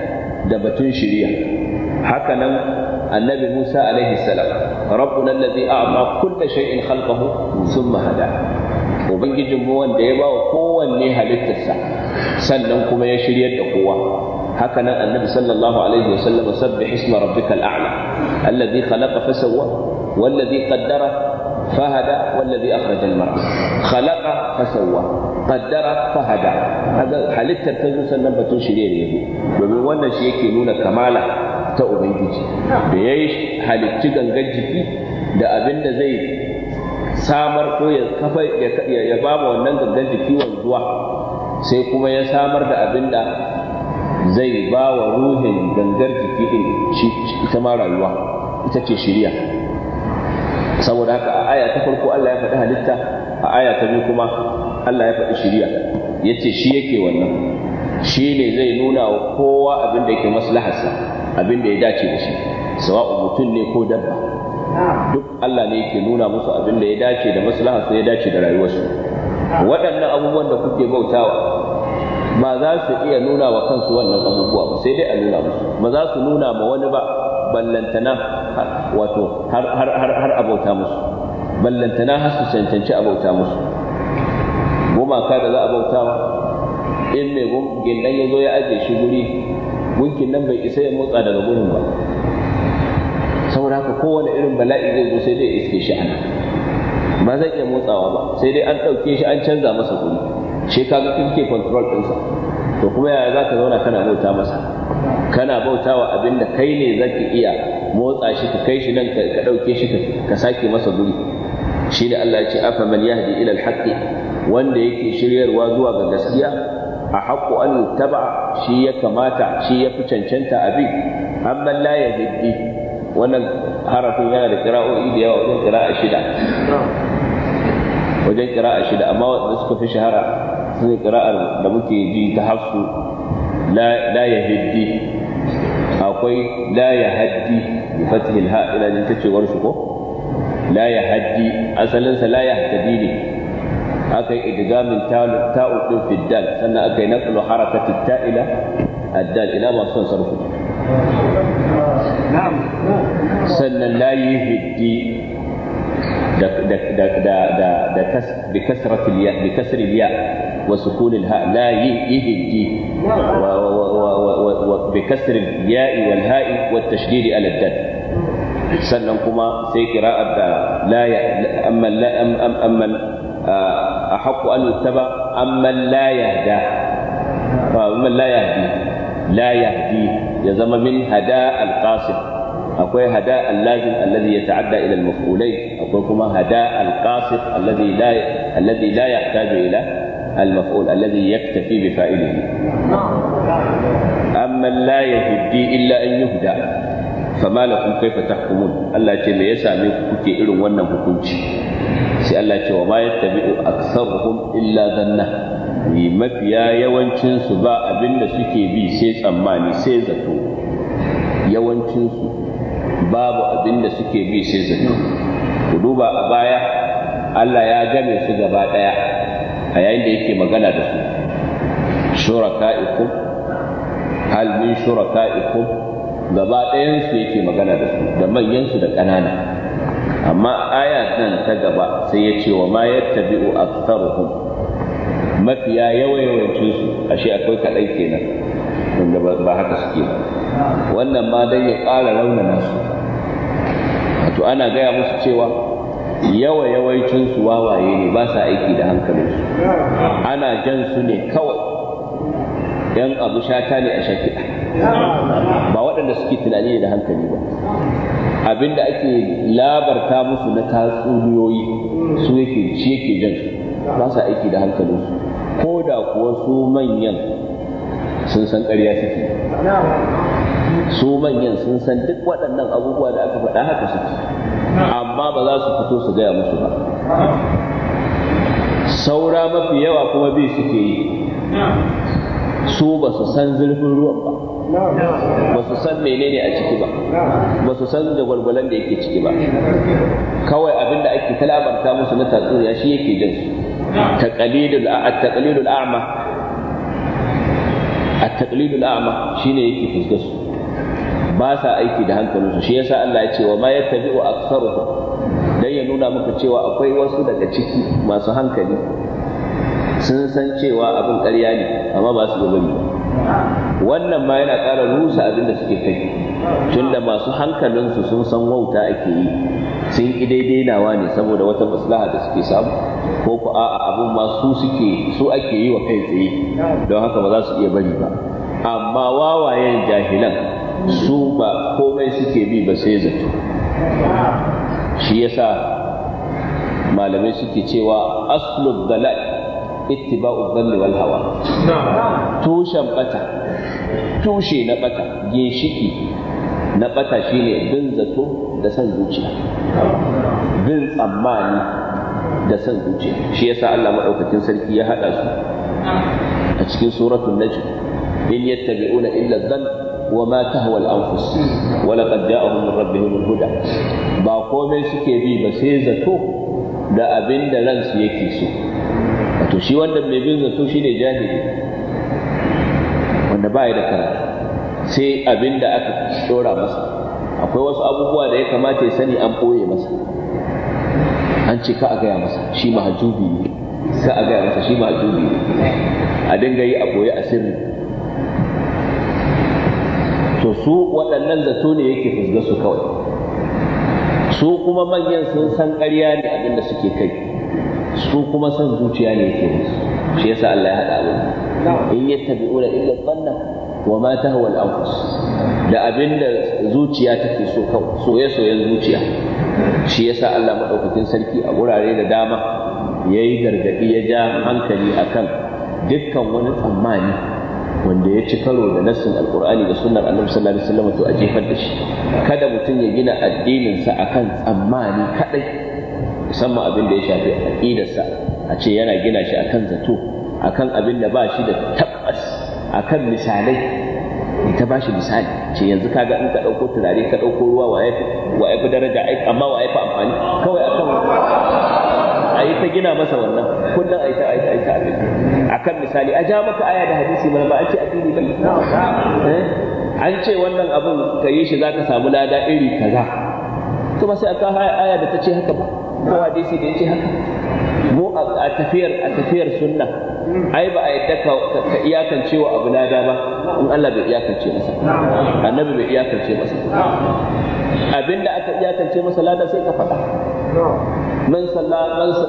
da batun shirya haka nan annabi musa alaihi salam rabbuna allazi a'ta kulla shay'in khalqahu thumma hada ubangijin mu wanda ya bawa kowanne halittarsa sannan kuma ya shiryar da kowa haka nan annabi sallallahu alaihi wa wasallam sabbih isma rabbikal a'la alladhi khalaqa fasawwa والذي قدر فهدى والذي أخرج المرأة خلق فسوى قدر فهدى هذا حلت ترتزو سنن بتون شرير يهو domin wannan shi yake nuna kamala ta ubangiji da ya yi halicci gangan jiki da abin da zai samar ko ya kafa ya ba wannan gangan jiki wanzuwa sai kuma ya samar da abin da zai ba wa ruhin gangar jiki din ita ma rayuwa ita ce shirya saboda haka a aya ta farko Allah ya faɗi halitta a aya ta biyu kuma Allah ya faɗi shiriya yace shi yake wannan shi ne zai nuna wa kowa abin da yake maslaharsa abin da ya dace da shi sawa'u mutum ne ko dabba duk Allah ne yake nuna musu abin da ya dace da maslaharsa ya dace da rayuwarsu waɗannan abubuwan da kuke bautawa ba za su iya nuna wa kansu wannan abubuwa ba sai dai a nuna musu ba za su nuna ma wani ba ballantana wato har har har abauta musu ballantana har su cancanci abauta musu gumaka da za a wa in mai gunkin nan ya zo ya ajiye shi guri gunkin nan bai isa ya motsa daga gurin ba saboda haka kowane irin bala'i zai zo sai dai iske shi ana ba zai iya motsawa ba sai dai an ɗauke shi an canza masa guri shi kaga kake control ɗinsa to kuma yaya za ka zauna kana bauta masa kana bautawa abin da kai ne zaki iya motsa shi ka kai shi nan ka ɗauke shi ka sake masa guri shi ne Allah ya ce afa man yahdi ila alhaqi wanda yake shiryarwa zuwa ga gaskiya a haƙƙo an taba shi ya kamata shi ya fi cancanta abin. amma la yahdi wannan harafin yana da kira'o'i da yawa wajen kira'a shida wajen shida amma wanda suka fi shahara sun kira'ar da muke ji ta hafsu لا لا يهدي أقوي لا يهدي بفتح الهاء إلى أن تتشغل شكو لا يهدي أصلا لا لي أكي إدغام التاء تاؤتو في الدال سنة أكي نقل حركة التاء إلى الدال إلى ما صنصرف نعم سنة لا يهدي دا دا دا دا دا بكسرة الياء بكسر الياء وسكون الهاء لا يه الجيم وبكسر الياء والهاء والتشديد على الدال سلم كما سيكرا أبدا لا أما لا أم أم أما آه، أحق أن يتبع أما لا يهدى فأما آه، لا يهدي لا يهدي يزم من هداء القاصد أقول هداء اللازم الذي يتعدى إلى المفعولين أقول كما هداء القاصد الذي لا الذي لا يحتاج إلى المفعول الذي يكتفي بفاعله أما لا يهدي إلا أن يهدى فما لكم كيف تحكمون الله ce me me kuke irin wannan hukunci sai Allah ce wa ma yattabi'u aktsaruhum illa Zana? dhanna mafiya yawancinsu ba abinda suke bi sai tsammani sai zato yawancin su babu abinda suke bi sai zato ku duba a baya Allah ya game su gaba ɗaya. a yayin da yake magana da su shuraka'ikum hal min shuraka'ikum gaba ɗayan su yake magana da su da manyan su da ƙanana amma aya nan ta gaba sai ya ce wa ma yattabi'u aktharuhum mafiya yawayawancin su ashe akwai kaɗai kenan wanda ba haka suke ba wannan ma dai ya ƙara raunana su wato ana gaya musu cewa yawa yawancin su wawaye ne ba sa aiki da hankalin su, ana jan su ne kawai yan abu shata ne a shakiɗa ba waɗanda suke tunani da hankali ba abinda ake labarta musu na tatsuniyoyi su yake ci yake jan su ba sa aiki da hankalin su. ko da kuwa su manyan sun san ƙarya suke su manyan sun san duk waɗannan abubuwa da aka faɗa haka suke amma ba za su fito su gaya musu ba saura mafi yawa kuma bi suke yi su ba su san zurfin ruwan ba ba su san menene a ciki ba ba su san da gwalgwalan da yake ciki ba kawai abin da ake talabarta musu na tatsuniya shi yake jin su a'ama a'ma at shine yake fuskasu. ba sa aiki da hankalinsu shi yasa Allah ya ce wa ma yattabi'u aktharuhu dan ya nuna muku cewa akwai wasu daga ciki masu hankali sun san cewa abin ƙarya ne amma ba su gobe wannan ma yana ƙara rusa abin da suke kai tunda masu hankalinsu sun san wauta ake yi sun ƙi nawa ne saboda wata maslaha da suke samu ko ku a'a abin ma su suke su ake yi wa kai tsaye don haka ba za su iya bari ba amma wawayen jahilan su ba komai suke bi ba sai zato shi yasa malamai suke cewa aslul dalal ittiba'u dhalli wal hawa tushen bata tushe na bata ginshiki na bata shine bin zato da san zuciya bin tsammani da san zuciya shi yasa Allah maɗaukacin sarki ya haɗa su a cikin suratul najm in yattabi'una illa dhann وما تهوى الأنفس ولقد جاءهم من ربهم الهدى باقومي سكي بي بسيزة دا أبن دا لنس يكيسو وتشي وانا ميبين بين زتو شيني جاهلي وانا باي دا كرات سي أبن دا أكا شورا مسا akwai wasu abubuwa da ya kamata ya sani an ɓoye masa an ce ka a gaya masa shi mahajubi ne ka a gaya masa shi mahajubi ne a su waɗannan zato ne yake fusga su kawai su kuma manyan sun san ƙarya ne abin da suke kai su kuma san zuciya ne yake musu shi yasa Allah ya haɗa abin in yattabi'una illa banna wa ma tahwa al-anfus da abinda zuciya take so kawai soye-soyen zuciya shi yasa Allah madaukakin sarki a gurare da dama yayi gargadi ya ja hankali akan dukkan wani tsammani wanda ya ci karo da nassin alkur'ani da sunnar annabi sallallahu alaihi wasallam to a jefar da shi kada mutum ya gina addininsa akan tsammani kadai musamman abin da ya shafi aqidarsa a ce yana gina shi akan zato akan abin da ba shi da tabbas akan misalai ta ba shi misali ce yanzu kaga in ka ɗauko turare ka ɗauko ruwa wa ya fi daraja amma wa ya fi amfani kawai akan a yi ta gina masa wannan kullum a yi ta a yi ta akan misali a ja maka aya da hadisi mana ba a ce addini ba eh? an ce wannan abun ka yi shi zaka samu lada iri kaza to ba sai aka aya da ta ce haka ba ko hadisi da ya ce haka mu a tafiyar a tafiyar sunna ai ba a yadda ka iyakance wa abu lada ba in Allah bai iyakance masa annabi bai iyakance masa abinda aka iyakance masa lada sai ka faɗa man salla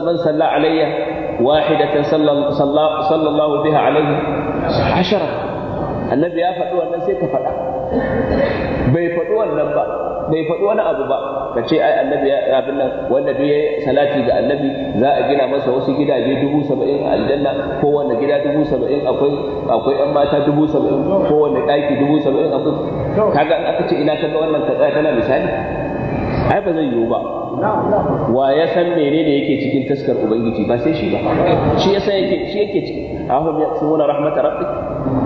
man salla alayya واحدة صلى, صلى, صلى الله بها عليه عشرة النبي يا فتوى الناس يتفقى بيفتوى النبأ bai faɗi wani abu ba ka ce ai annabi ya abin nan wanda duk yayi salati ga annabi za a gina masa wasu gidaje dubu saba'in a aljanna ko wanda gida dubu saba'in akwai yan mata dubu saba'in ko ɗaki dubu saba'in akwai kaga aka ce ina ga wannan ka tana misali ba zai yiwu ba wa ya san menene yake cikin taskar ubangiji ba sai shi ba shi yasa yake shi yake ciki ahum yaqsumuna rahmatar rabbik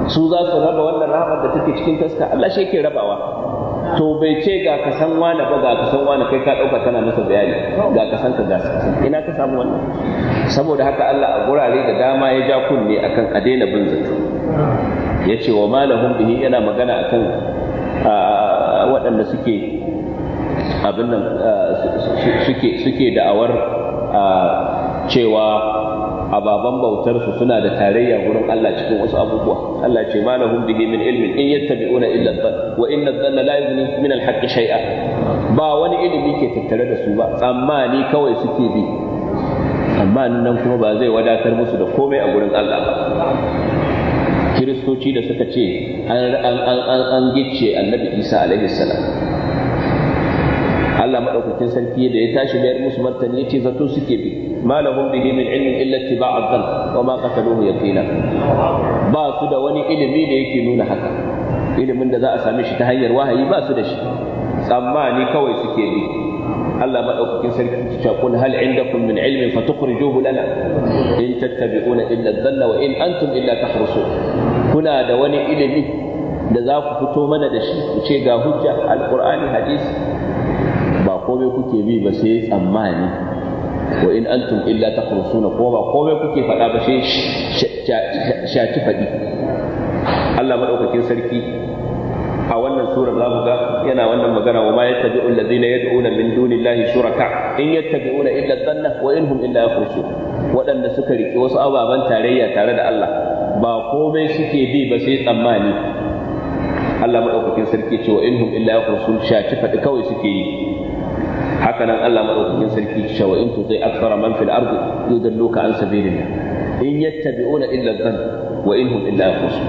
su za su raba wannan rahmat da take cikin taskar Allah shi yake rabawa to bai ce ga ka san wani ba ga ka san wani kai ka dauka kana masa bayani ga ka san ka ga ina ka samu wannan saboda haka Allah a gurare da dama ya ja kunne akan a daina bin zato yace wa malahum bihi yana magana akan waɗanda suke abin nan eh, suke suke da'awar eh, cewa ababan bautarsu suna da tarayya gurin Allah cikin wasu abubuwa Allah ce ma lahum bihi min ilmin in yattabi'una illa dhann wa inna dhanna la yughni min al-haqqi shay'a ba wani ilimi ke tattare da su ba tsammani kawai suke bi amma nan kuma ba zai wadatar musu da komai a gurin Allah ba kiristoci da suka ce an gicce annabi Isa alaihi salam Allah madaukakin sarki da ya tashi bayar musu martani yace zato suke bi ma bihi min ilmin illa tiba'ad dhann wa ma qataluhu yaqina ba su da wani ilimi da yake nuna haka ilimin da za a same shi ta hanyar wahayi ba su da shi tsammani kawai suke bi Allah madaukakin sarki ta kun hal indakum min ilmin fatukhrijuhu lana in tattabi'una illa dhanna wa in antum illa tahrusun kuna da wani ilimi da za ku fito mana da shi ku ce ga hujja alqur'ani hadisi komai kuke bi ba sai tsammani wa in antum illa takrusuna ko ba komai kuke faɗa ba sai shaci faɗi Allah madaukakin sarki a wannan sura za ga yana wannan magana wa ma yattabi'u alladhina yad'una min dunillahi shuraka in yattabi'una illa dhanna wa in hum illa yakhrusun waɗanda suka riƙe wasu ababen tarayya tare da Allah ba komai suke bi ba sai tsammani Allah maɗaukakin sarki ce wa inhum illa yakhrusun shaci faɗi kawai suke yi haka nan Allah madaukakin sarki cewa in tuti akthara man fil ardi yudalluka an sabilillah in yattabi'una illa dhann wa in hum illa yakhrusun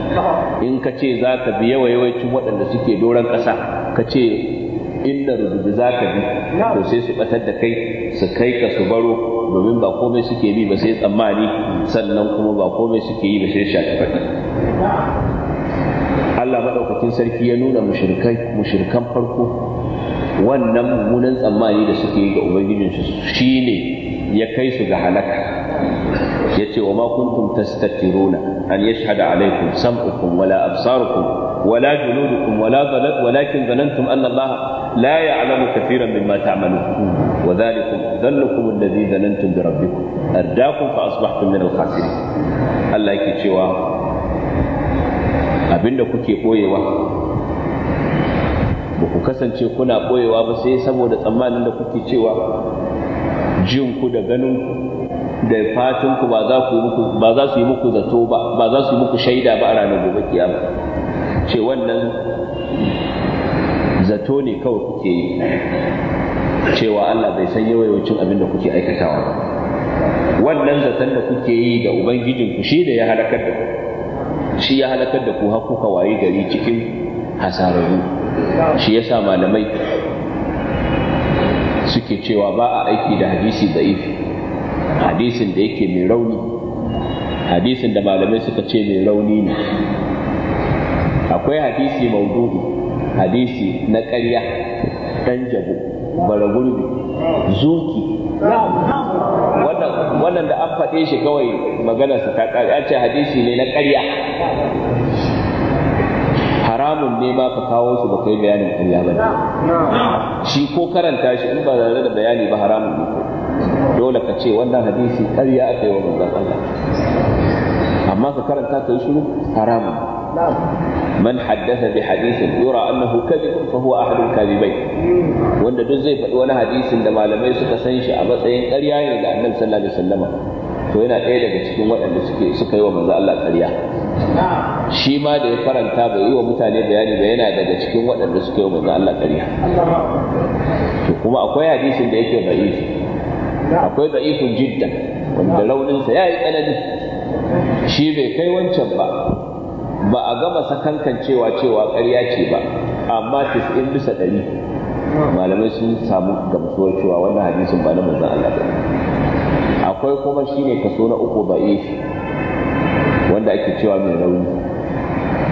in kace zaka bi yawa yawaicin waɗanda suke doran ƙasa kace inda rubutu zaka bi to sai su batar da kai su kai ka su baro domin ba komai suke bi ba sai tsammani sannan kuma ba komai suke yi ba sai shafi faɗi Allah madaukakin sarki ya nuna mushrikai mushrikan farko wannan mummunan tsammani da suke yi ga ubangijinsu shine ya kai su ga halaka ya ce wa ma kuntum tastatiruna an yashhada alaikum sam'ukum wala absarukum wala junudukum wala zalat walakin zanantum anna allaha la ya'lamu kathiran mimma ta'malun wa dhalikum dhallukum alladhi zanantum bi rabbikum ardaakum fa asbahtum min al-khasirin Allah yake cewa abinda kuke boyewa ba ku kasance kuna ɓoyewa ba sai saboda tsammanin da kuke cewa jinku da ganin da fatin ba ku ba za su yi muku zato ba ba za su yi muku shaida ba a ranar gobe kiyama ce wannan zato ne kawai kuke yi cewa Allah bai san yawancin abin da kuke aikatawa wannan zaton da kuke yi da ubangijinku shi da ya halakar da ku shi ya halakar da ku har kuka waye gari cikin hasararru shi yasa malamai suke cewa ba a aiki da hadisi da'ifi hadisin da yake mai rauni hadisin da malamai suka ce mai rauni ne akwai hadisi maududu hadisi na ƙarya ɗan jabo baragurbi zoki wannan da an faɗe shi kawai maganarsa ta ƙarya ce hadisi ne na ƙarya haramun ne ma ka kawo shi ba kai bayanin ƙarya ba ne shi ko karanta shi in ba tare da bayani ba haramun ne dole ka ce wannan hadisi ƙarya aka yi wa manzon Allah amma ka karanta ka yi shiru haramun man haddasa bi hadisin yura annahu kadhibun fa huwa ahadul kadhibain wanda duk zai faɗi wani hadisin da malamai suka san shi a matsayin ƙarya ne da annabi sallallahu alaihi wasallam to yana ɗaya daga cikin waɗanda suke suka yi wa manzo Allah ƙarya shi ma da ya faranta bai yi wa mutane bayani ba yana daga cikin waɗanda suke yi manzo Allah ƙarya to kuma akwai hadisin da yake da'if akwai da'ifun jidda wanda launinsa ya yi tsanani shi bai kai wancan ba ba a gama sakankan cewa cewa ƙarya ce ba amma 90 bisa ɗari malamai sun samu gamsuwar cewa wannan hadisin ba na manzon Allah ba akwai kuma shine kaso na uku da'if wanda ake cewa mai rauni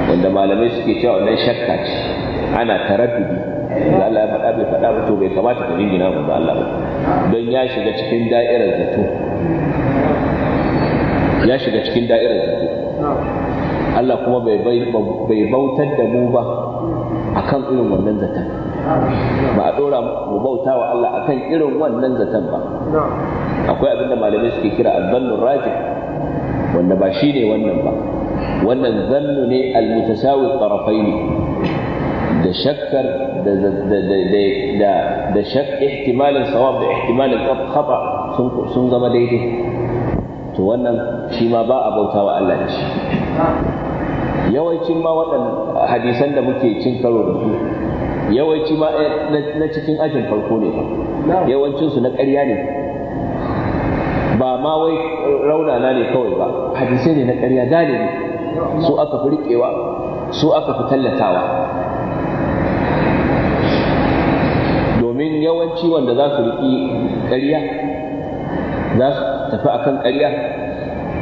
wanda malamai suke cewa wannan shakka ce ana taraddudi da Allah ya faɗa bai faɗa ba to bai kamata ka jingina ba ba Allah ba don ya shiga cikin da'irar zato ya shiga cikin da'irar zato Allah kuma bai bautar da mu ba akan irin wannan zaton ba a ɗora mu bauta wa Allah akan irin wannan zaton ba akwai abinda malamai suke kira azzannun rajin wanda ba shi ne wannan ba wannan zannu ne almutasawi ne da shakkar da da da shak ihtimalin sawab da ihtimalin khata sun zama daidai to wannan shi ma ba a bautawa Allah da shi yawancin ma waɗannan hadisan da muke cin karo da su yawanci ma eh, na cikin ajin farko ne yawancinsu na ƙarya ne ba ma wai na ne kawai ba hadisai ne na ƙarya ne. su aka fi riƙewa su aka fi tallatawa domin yawanci wanda za su riƙi ƙarya za su tafi akan ƙarya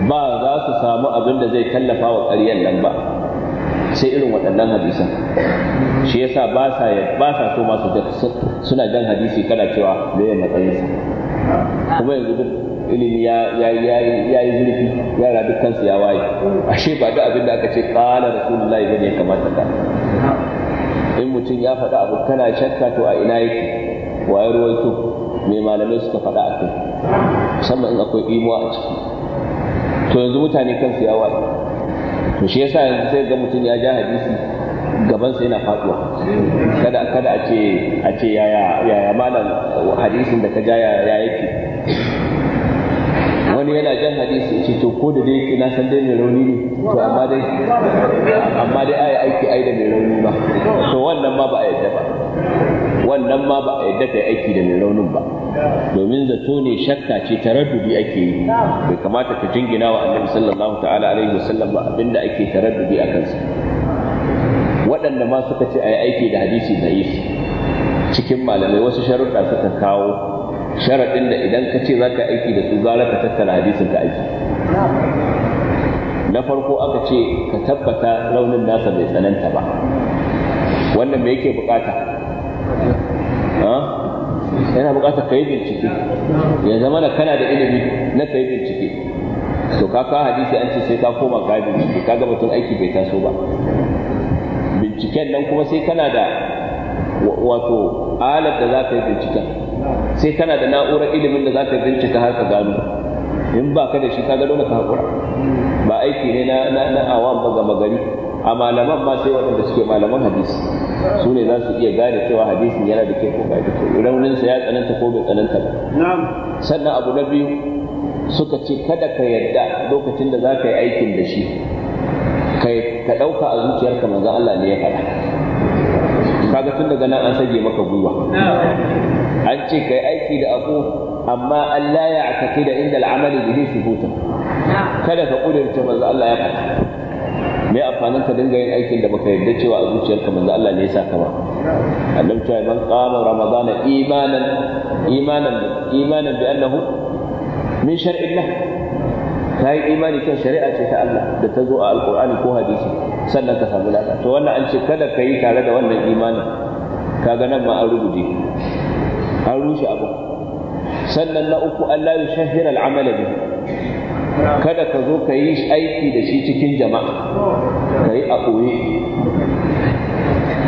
ba za su samu abin da zai tallafa wa ƙaryan nan ba sai irin waɗannan hadisan shi yasa ba sa ba sa so masu suna jan hadisi kana cewa me ya matsayinsa kuma yanzu duk ilimi ya yi zurfi yara dukkansu ya waye ashe ba da abin da aka ce kala rasulullahi bane ya kamata ka in mutum ya faɗa abu kana shakka to a ina yake wa ya ruwaito mai malamai suka faɗa a kai musamman in akwai imuwa a ciki to yanzu mutane kansu ya waye to shi yasa yanzu sai ga mutum ya ja hadisi gaban gabansa yana faduwa kada kada a ce a ce yaya yaya malam hadisin da ka ja yaya yake wani yana jan hadisi ce to ko da dai na san dai mai rauni ne to amma dai amma dai ai aiki ai da mai rauni ba to wannan ma ba a yadda ba wannan ma ba a yadda kai aiki da mai raunin ba domin zato ne shakka ce taraddudi ake yi bai kamata ka jingina wa annabi sallallahu ta'ala alaihi wasallam ba abinda ake taraddudi a kansa waɗanda ma suka ce a yi aiki da hadisi da cikin malamai wasu sharuɗa suka kawo sharaɗin da idan ka ce za ka aiki da su gara ka tattara hadisin ka aiki na farko aka ce ka tabbata raunin nasa bai tsananta ba wannan me yake bukata yana bukata ka yi bincike ya zama da kana da ilimi na ka yi bincike to ka ka hadisi an ce sai ka koma ka bincike ka gaba tun aiki bai taso ba binciken nan kuma sai kana da wato alat da za ka yi binciken sai kana da na'urar ilimin da zaka bincika har ka gano in ba ka da shi ka ga dole ka hakura ba aiki ne na awon ba gama gari a malaman ma sai waɗanda suke malaman hadisi su ne za su iya gane cewa hadisin yana da kyau ko ba da kyau raunin sa ya tsananta ko bai tsananta ba sannan abu na biyu suka ce kada ka yarda lokacin da za ka yi aikin da shi ka ɗauka a zuciyarka manzon Allah ne ya faɗa kaga tun daga nan an sage maka gwiwa an ce kai aiki da abu amma Allah ya akaki da inda al'amali bihi thubutan kada ka kudurce manzo Allah ya faɗa me amfanin ka dinga yin aikin da baka yarda cewa a zuciyarka manzo Allah ne ya saka ba annabi cewa man qama ramadana imanan imanan imanan bi annahu min shar'illah yi imani kan shari'a ce ta Allah da ta zo a alqur'ani ko hadisi sannan ka samu lada to wannan an ce kada ka yi tare da wannan imanin kaga nan ma an rubuce an rushe abu sannan na uku Allah ya shahira al'amala bihi kada ka zo ka yi aiki da shi cikin jama'a ka yi a ɓoye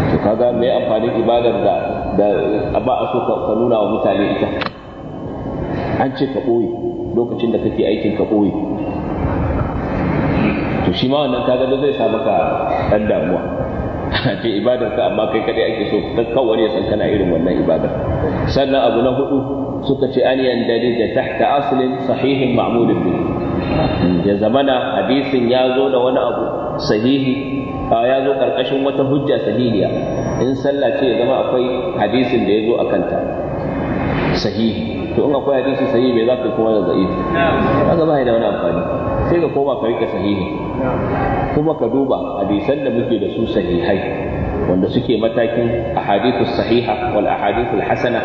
to kaga me amfanin ibadar da da ba a so ka nuna wa mutane ita an ce ka ɓoye lokacin da kake aikin ka ɓoye to shi ma wannan kaga da zai sa maka ɗan damuwa ce ibadar ka amma kai kadai ake so kan wani ya san kana irin wannan ibadar sannan abu na hudu suka ce an yandali da tahta aslin sahihin ma'amudin bi ya zamana hadisin ya zo da wani abu sahihi ya zo karkashin wata hujja sahihiya in sallah ce ya zama akwai hadisin da ya zo a kanta sahihi to in akwai hadisi sahihi me za ka kuma da za'ifi kaga ba da wani amfani sai ka koma ka rika sahihi kuma ka duba hadisan da muke da su sahihai wanda suke matakin ahadithus sahiha wal ahadithul hasana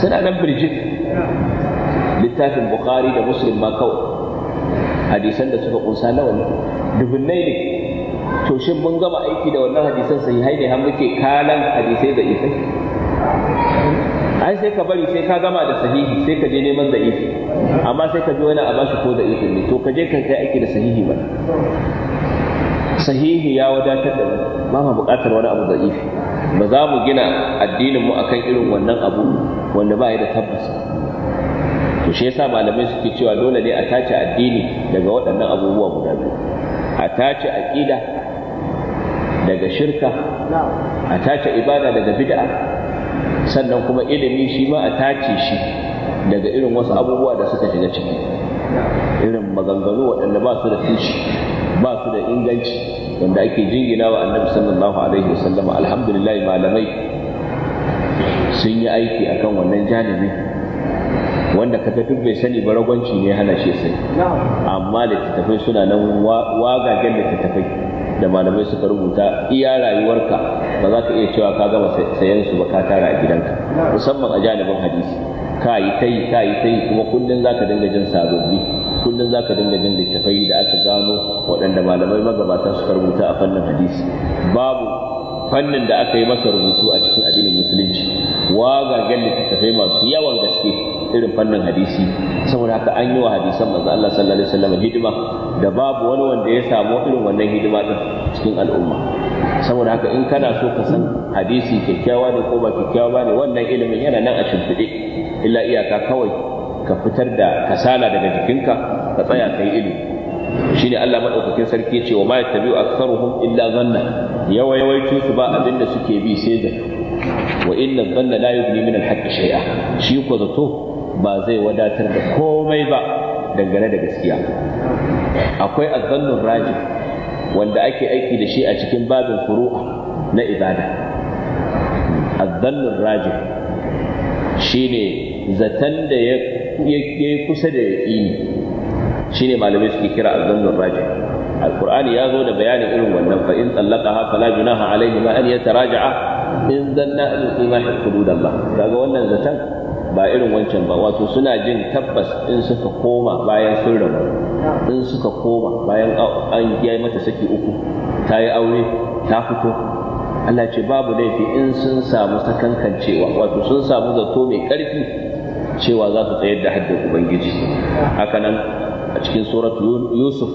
suna nan birjit littafin bukhari da muslim ma kawai hadisan da suka kunsa nawa ne dubunnai ne to shin mun gama aiki da wannan hadisan sahihai ne har muke kalan hadisai da ifai ai sai ka bari sai ka gama da sahihi sai ka je neman da ifi amma sai ka ji wani a bashi ko da ifin ne to ka je ka kai aiki da sahihi ba sahihi ya wadatar da ba ma buƙatar wani abu da ba za mu gina addinin mu akan irin wannan abu wanda ba ya da tabbas to shi yasa malamai suke cewa dole ne a tace addini daga waɗannan abubuwa guda biyu a tace aqida daga shirka a tace ibada daga bid'a sannan kuma ilimi shi ma a tace shi daga irin wasu abubuwa da suka shiga ciki irin maganganu waɗanda ba su da tushe ba su da inganci wanda ake jingina wa annabi sallallahu alaihi wasallam alhamdulillah malamai sun yi aiki akan wannan janibi wanda kaga duk bai sani ba ragwanci ne hana shi sai amma littattafai suna nan wagagen littattafai da malamai suka rubuta iya rayuwarka ba za ka iya cewa ka gama sayan su ba ka tara a gidanka musamman a janibin hadisi ka yi ta yi ka yi kuma kullum za ka dinga jin sababbi kullum za ka dinga jin littafai da aka gano waɗanda malamai magabata suka rubuta a fannin hadisi babu fannin da aka yi masa rubutu a cikin addinin musulunci wagagen littattafai masu yawan gaske irin fannin hadisi saboda haka an yi wa hadisan manzo Allah sallallahu alaihi wasallam hidima da babu wani wanda ya samu irin wannan hidima din cikin al'umma saboda haka in kana so ka san hadisi kyakkyawa ne ko ba kyakkyawa ba ne wannan ilimin yana nan a shimfiɗe illa iyaka kawai ka fitar da kasala daga jikinka ka tsaya kai ilimi shine Allah madaukakin sarki ya ce wa ma yattabi'u aktharuhum illa zanna yawa su ba abin da suke bi sai da wa inna zanna la yughni min al-haqqi shay'a shi ko zato ba zai wadatar da komai ba dangane da gaskiya akwai azzannun raji wanda ake aiki da shi a cikin babin furu'a na ibada azzannun raji shine Zatan da ya kusa da yaƙini shine malamai suke kira azzannun raji Alkur'ani ya zo da bayanin irin wannan fa in tsallaqaha fala junaha alayhi ma an a in zanna an da ba. Daga wannan zatan ba irin wancan ba wato suna jin tabbas in suka koma bayan sun rabu in suka koma bayan an yi mata saki uku ta yi aure ta fito Allah ce babu laifi in sun samu sakankancewa wato sun samu zato mai ƙarfi cewa za su tsayar da haddin ubangiji haka nan a cikin surat yusuf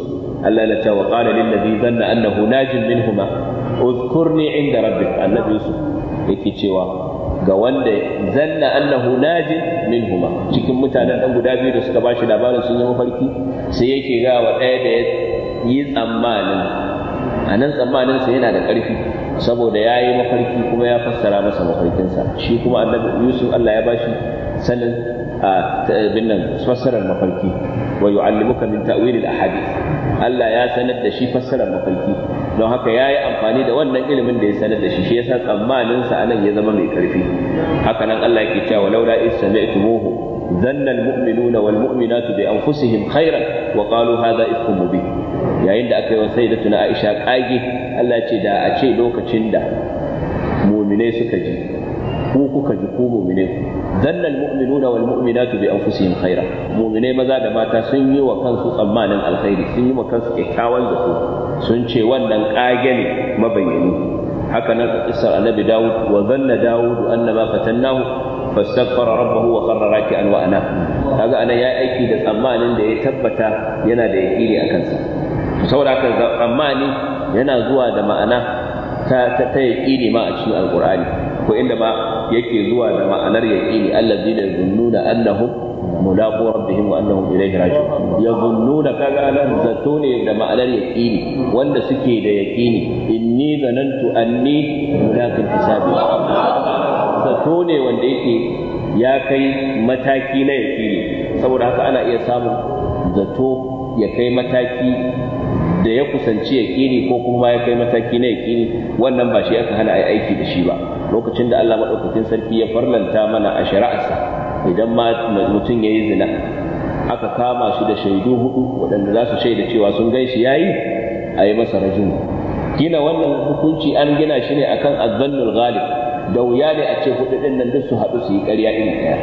Allah ya ce wa qala lil ladhi dhanna annahu najin minhuma udhkurni inda rabbik annabi yusuf yake cewa ga wanda zanna annahu najin minhuma cikin mutanen dan guda biyu da suka bashi labarin sun yi mafarki sai yake ga wa ɗaya da yi tsammanin a nan tsammanin sa yana da ƙarfi saboda ya yi mafarki kuma ya fassara masa mafarkinsa shi kuma annabi yusuf Allah ya bashi sanin A nan fassarar mafarki wa yu'allimuka min ta'wil al-ahadith Allah ya sanar da shi fassarar mafarki don haka ya yi amfani da wannan ilimin da ya sanar da shi shi yasa tsammanin sa anan ya zama mai karfi haka nan Allah yake cewa laula is sami'tumuhu zanna al-mu'minuna wal mu'minatu bi anfusihim khairan wa qalu hadha ifkum mubin yayin da aka yi wa sayyidatuna Aisha kage Allah ce da a ce lokacin da mu'minai suka ji ku kuka ji ku mu'mine ku danna almu'minuna wal mu'minatu bi anfusihim khaira mu'mine maza da mata sun yi wa kansu tsammanin alkhairi sun yi wa kansu kyakkyawan zato sun ce wannan kage ne mabayyani haka nan kisar annabi dawud wa zanna dawud annama fatannahu fastaghfara rabbahu wa kharra raki'an wa ana kaga anan yayi aiki da tsammanin da ya tabbata yana da yaqini akan sa saboda haka tsammani yana zuwa da ma'ana ta ta yaqini ma a cikin alqur'ani ko inda ba. yake zuwa da ma'anar yaqini zunnu da annahum mulaqu rabbihim wa annahum ilayhi raji'un da kaga nan zato ne da ma'anar yaqini wanda suke da yaqini inni zanantu anni mulaqin hisabi zato ne wanda yake ya kai mataki na yaqini saboda haka ana iya samun zato ya kai mataki da ya kusanci yaƙini ko kuma ya kai mataki na yaƙini wannan ba shi aka hana a aiki da shi ba lokacin da Allah maɗaukakin sarki ya farlanta mana a shari'arsa idan ma mutum ya yi zina aka kama shi da shaidu hudu waɗanda za su shaida cewa sun gan shi yayi a yi masa rajin gina wannan hukunci an gina shi ne akan azzannul ghalib da wuya ne a ce hudu din nan duk su haɗu su yi ƙarya iri ɗaya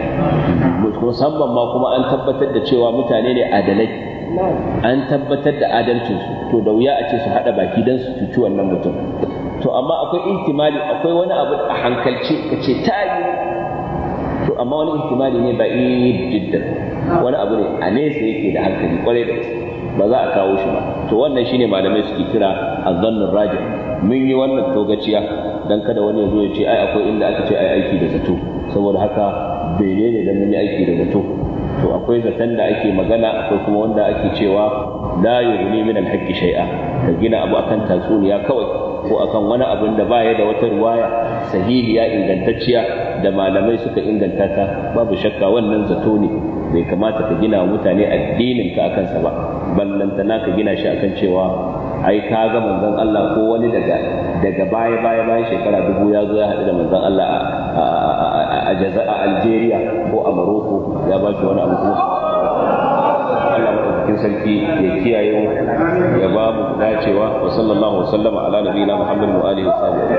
musamman ma kuma an tabbatar da cewa mutane ne adalai an tabbatar da adalcinsu to da wuya a ce su haɗa baki don su cuci wannan mutum to amma akwai ihtimali akwai wani abu a hankalce ka ta yi to amma wani ihtimali ne ba jiddan wani abu ne a nesa yake da hankali kwarai da ba za a kawo shi ba to wannan shine malamai suke kira azannin raji mun yi wannan togaciya dan kada wani ya zo ya ce ai akwai inda aka ce ai aiki da zato saboda haka bai ne da mun yi aiki da zato to akwai zaton da ake magana akwai kuma wanda ake cewa la yughni min al-haqqi shay'a ka gina abu akan tatsuniya kawai ko akan wani abin da baya da wata ruwaya sahihiya ingantacciya da malamai suka inganta ta babu shakka wannan zato ne bai kamata ka gina mutane addinin ka akan sa ba ballantana ka gina shi akan cewa ai ka ga manzon Allah ko wani daga daga baya baya bayan shekara dubu ya zo ya haɗu da manzon Allah a a Algeria ko a Morocco ya a a wani a a madaukakin sarki ya kiyaye mu ya ba mu dacewa wa sallallahu wa sallama ala nabiyina muhammadin wa alihi wa sahbihi